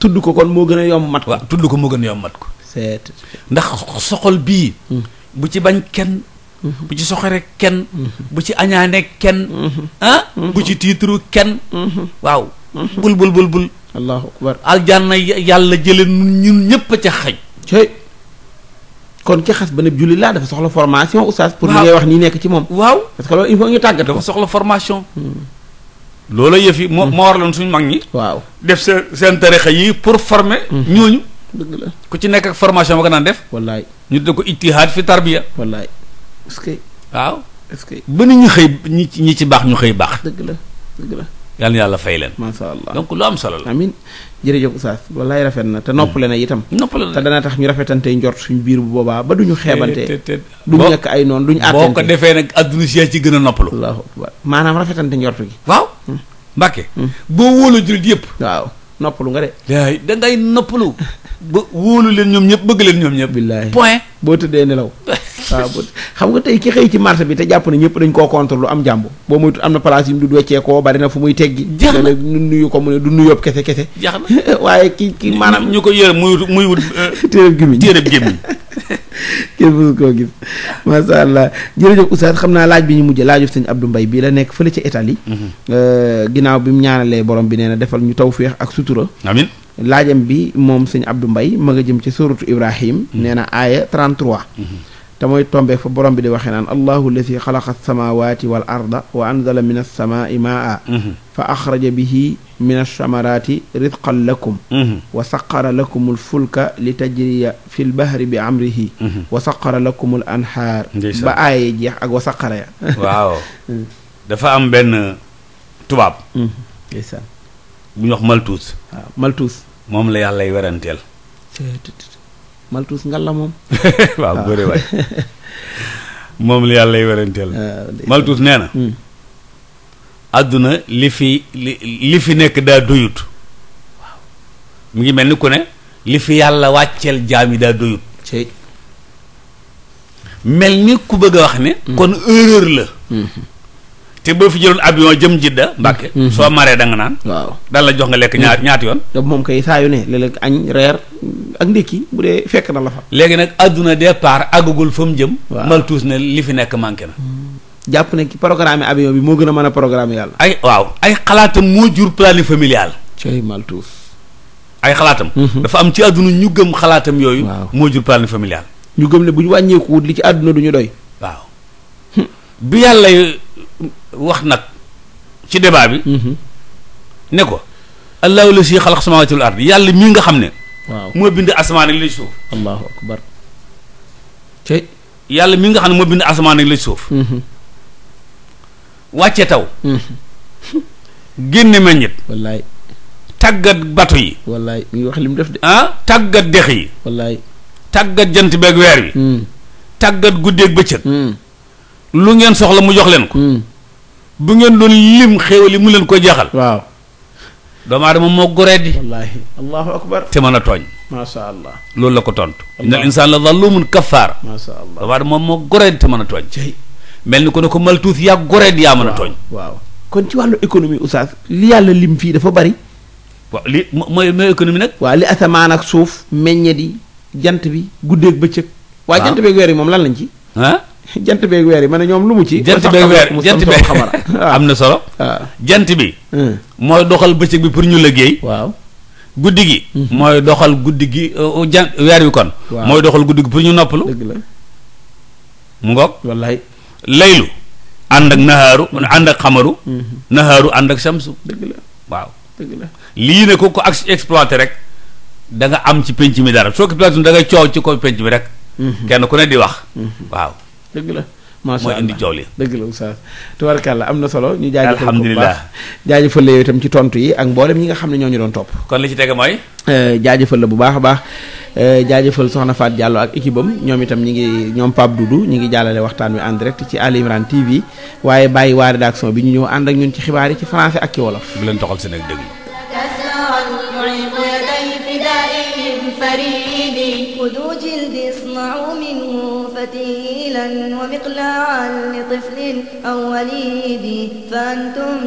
tudd ko kon moo gën a yomb mat ko tudd ko moo gën a yomb mat ko ndax soxol bii mm. bu ci bañ kenn mm-hmm. bu ci soxore kenn mm-hmm. bu ci añaane kenn mm-hmm. ah bu ci tiitru kenn waaw bul bul bul bul allahu akbar aljanna yàlla jële ñun ñëpp a ca xaj kon ki xas ba ne julli laa dafa soxla formation oustaz pour li ngay wax nii nekk ci moom waaw parce que loolu il faut ñu tàggat dafa soxla formation mm. loolu yëf yi moo mm. moo waraloon suñu mag ñi waaw def seen seen tarixa yi pour former ñooñu dëgg la ku ci nekk ak formation ba ko naan def. wallaay ñu tuddee ko ittihaad fi tarbiya. wallaay est-ce que. waaw est-ce que. ba ni ñu xëy ñi ci ñi ci baax ñu xëy baax. dëgg la dëgg yàlla na fay leen. macha allah donc lu am solo la. amiin jërëjëf Oustaz wallaay rafet na te nopp leen a itam. noppale na te dana tax ñu rafetante njort suñu biir bu boobaa ba duñu xeebante. te te duñu nekk ay noonu duñu. àttante boo ko defee nag adduna si ci gën a noppalu. allahu maanaam rafetante njort gi. waaw hmm. Mbàkke. Hmm. boo yëpp. waaw noppalu nga de. yaay da ngay noppalu. ba wóolu leen ñoom ñëpp bëgg leen ñoom ñëpp. billaay point boo tëddee nelaw. waaw xam nga tey ki xëy ci marché bi te jàpp na ñëpp dañ koo contre lu am jàmb boo moytu am na place yi mu du weccee koo bari na fu muy teggi na nu nuyu ko mu ne du nuyoob kese kese jax na waaye ki ki maanaam ñu ko yër muy muy wut euh, téeréb gémmiñ téeréb gémmiñ kenn mësu koo gis macha allah jërëjëf xam naa laaj bi ñu mujjee laajuf sëñ Abdou Mbaye bii la nekk fële ca Italie mhm. euh, ginnaaw bi mu ñaanalee borom bi nee na defal ñu tawféex ak sutura amin laajam bi moom sëñ Abdou Mbaye ma nga jëm ci suratu Ibrahim mhm. nee na aaya 33 te mooy tombeek fa borom bi di waxee naan allahu alladi xalaqa alsamawati wal arda wa anzala min alsamaai maa mhm. fa axraja bihi min alsamarati rizqan lakum mhm. wa saqara lakum alfulka li tajriya fi lbahri bi amrihi mhm. wa saqara lakum al anhaar ba aaye jeex ak wa saqara ya waaw hmm. dafa am benn tubaab hmm. bu ñu wax maltuus waaw maltuus moom la yàllay weranteel maltus ngalla moom. waaw ah. bëri waay moom li yàlla lay weranteel. Ah, maltus nee hmm. àdduna li fi li li fi nekk daa doyut. mu ngi mel ni ku ne li fi yàlla wàcceel jaam yi daa doyut. mel ni ku bëgg a wax ne. Hmm. kon erreur la. Hmm. te boo fi jëloon avion jëm jidda mbàkke mhm. soo maree da naan waaw dal la jox nga lekk ñaar ñaati yoon da moom koy saayu ne léeg-léeg añ reer ak ndékki bu dee fekk na la fa léegi nag àdduna départ àggagul fa mu jëm mal tuus ne li fi nekk manqué na hmm. jàpp ne ci programme avion bi moo gën a mën a programme yàlla ay waaw ay xalaatam moo jur planning familial cay mal tuus ay xalaatam mhm. dafa am ci àdduna ñu gëm xalaatam yooyu moo jur planning familial ñu gëm ne bu ñu wàññeeku li ci àdduna du doy waaw hmm. wax nag ci débat bi. Mhm. ne ko. allahu la si xalaq samawati wal ard yàlla mi nga xam ne. waaw moo bind asamaan ak li suuf. mi nga xam ne moo bind asamaan ak li suuf. Mhm. wàcce taw. Mhm. génne ma wallaay. tàggat bato yi. wallaay mi ngi wax li def de. ah tàggat dex yi. wallaay. tàggat jant beeg weer bi. tàggat guddeeg bëccëg. lu ngeen soxla mu jox leen ko. bu ngeen doon lim xéewal yi mu leen ko jaxal waaw doomu aadama moo goree di wallaahi allahu akbar te mën a tooñ macha allah loolu la ko tontu innal insaan la zalumun kafaar macha allah doomu aadama moo goree di te a tooñ mel ni ko ne ko maltuus yaa goree di yaa mën a tooñ waaw kon ci wàllu économie oustaz li yàlla lim fii dafa bari waaw li mooy mooy économie nag waaw li asamaan ak suuf meññe di jant bi guddeeg bëccëg waaw jant beeg weer yi moom lan lañ ci jant beeg weer yi ma ne ñoom lu mu ci. jant beeg weer jant beeg xamara am na solo. Ah. jant bi. Hmm. mooy doxal bëccëg bi pour ñu liggéey. waaw guddi gi. Hmm. mooy doxal guddi gi euh, jant weer kon. mooy doxal guddi gi pour ñu noppalu. dëgg la mu ngoog. laylu. ànd ak naxaaru ànd ak xamaru. Hmm. naxaaru ànd ak samsu. dëgg la waaw. lii ne ko ko ak exploité rek danga am ci penc mi dara soo exploité da nga coow ci ko penc mi rek. kenn ku ne di wax. waaw. dëgg la. macha allah mooy indi joow li dëgg la oustaz tubarkàlla am na solo ñu jaajëfal bu baax jaajëfal la yow tam ci tontu yi ak mboolem ñi nga xam ne ñoo ñu doon topp kon li ci tege mooy euh, jaajëfal la bu baax a baax euh, jaajëfal soxna Faat Diallo ak équipe ñoom itam ñi ngi ñoom Pape Doudou ñi ngi jàllale waxtaan wi en direct ci Ali TV waaye bàyyi waa rédaction bi ñu ñëw ànd ak ñun ci xibaar yi ci français ak ci wolof bu leen toxal seen ak déglu ومقلاعا لطفل أو وليد فأنتم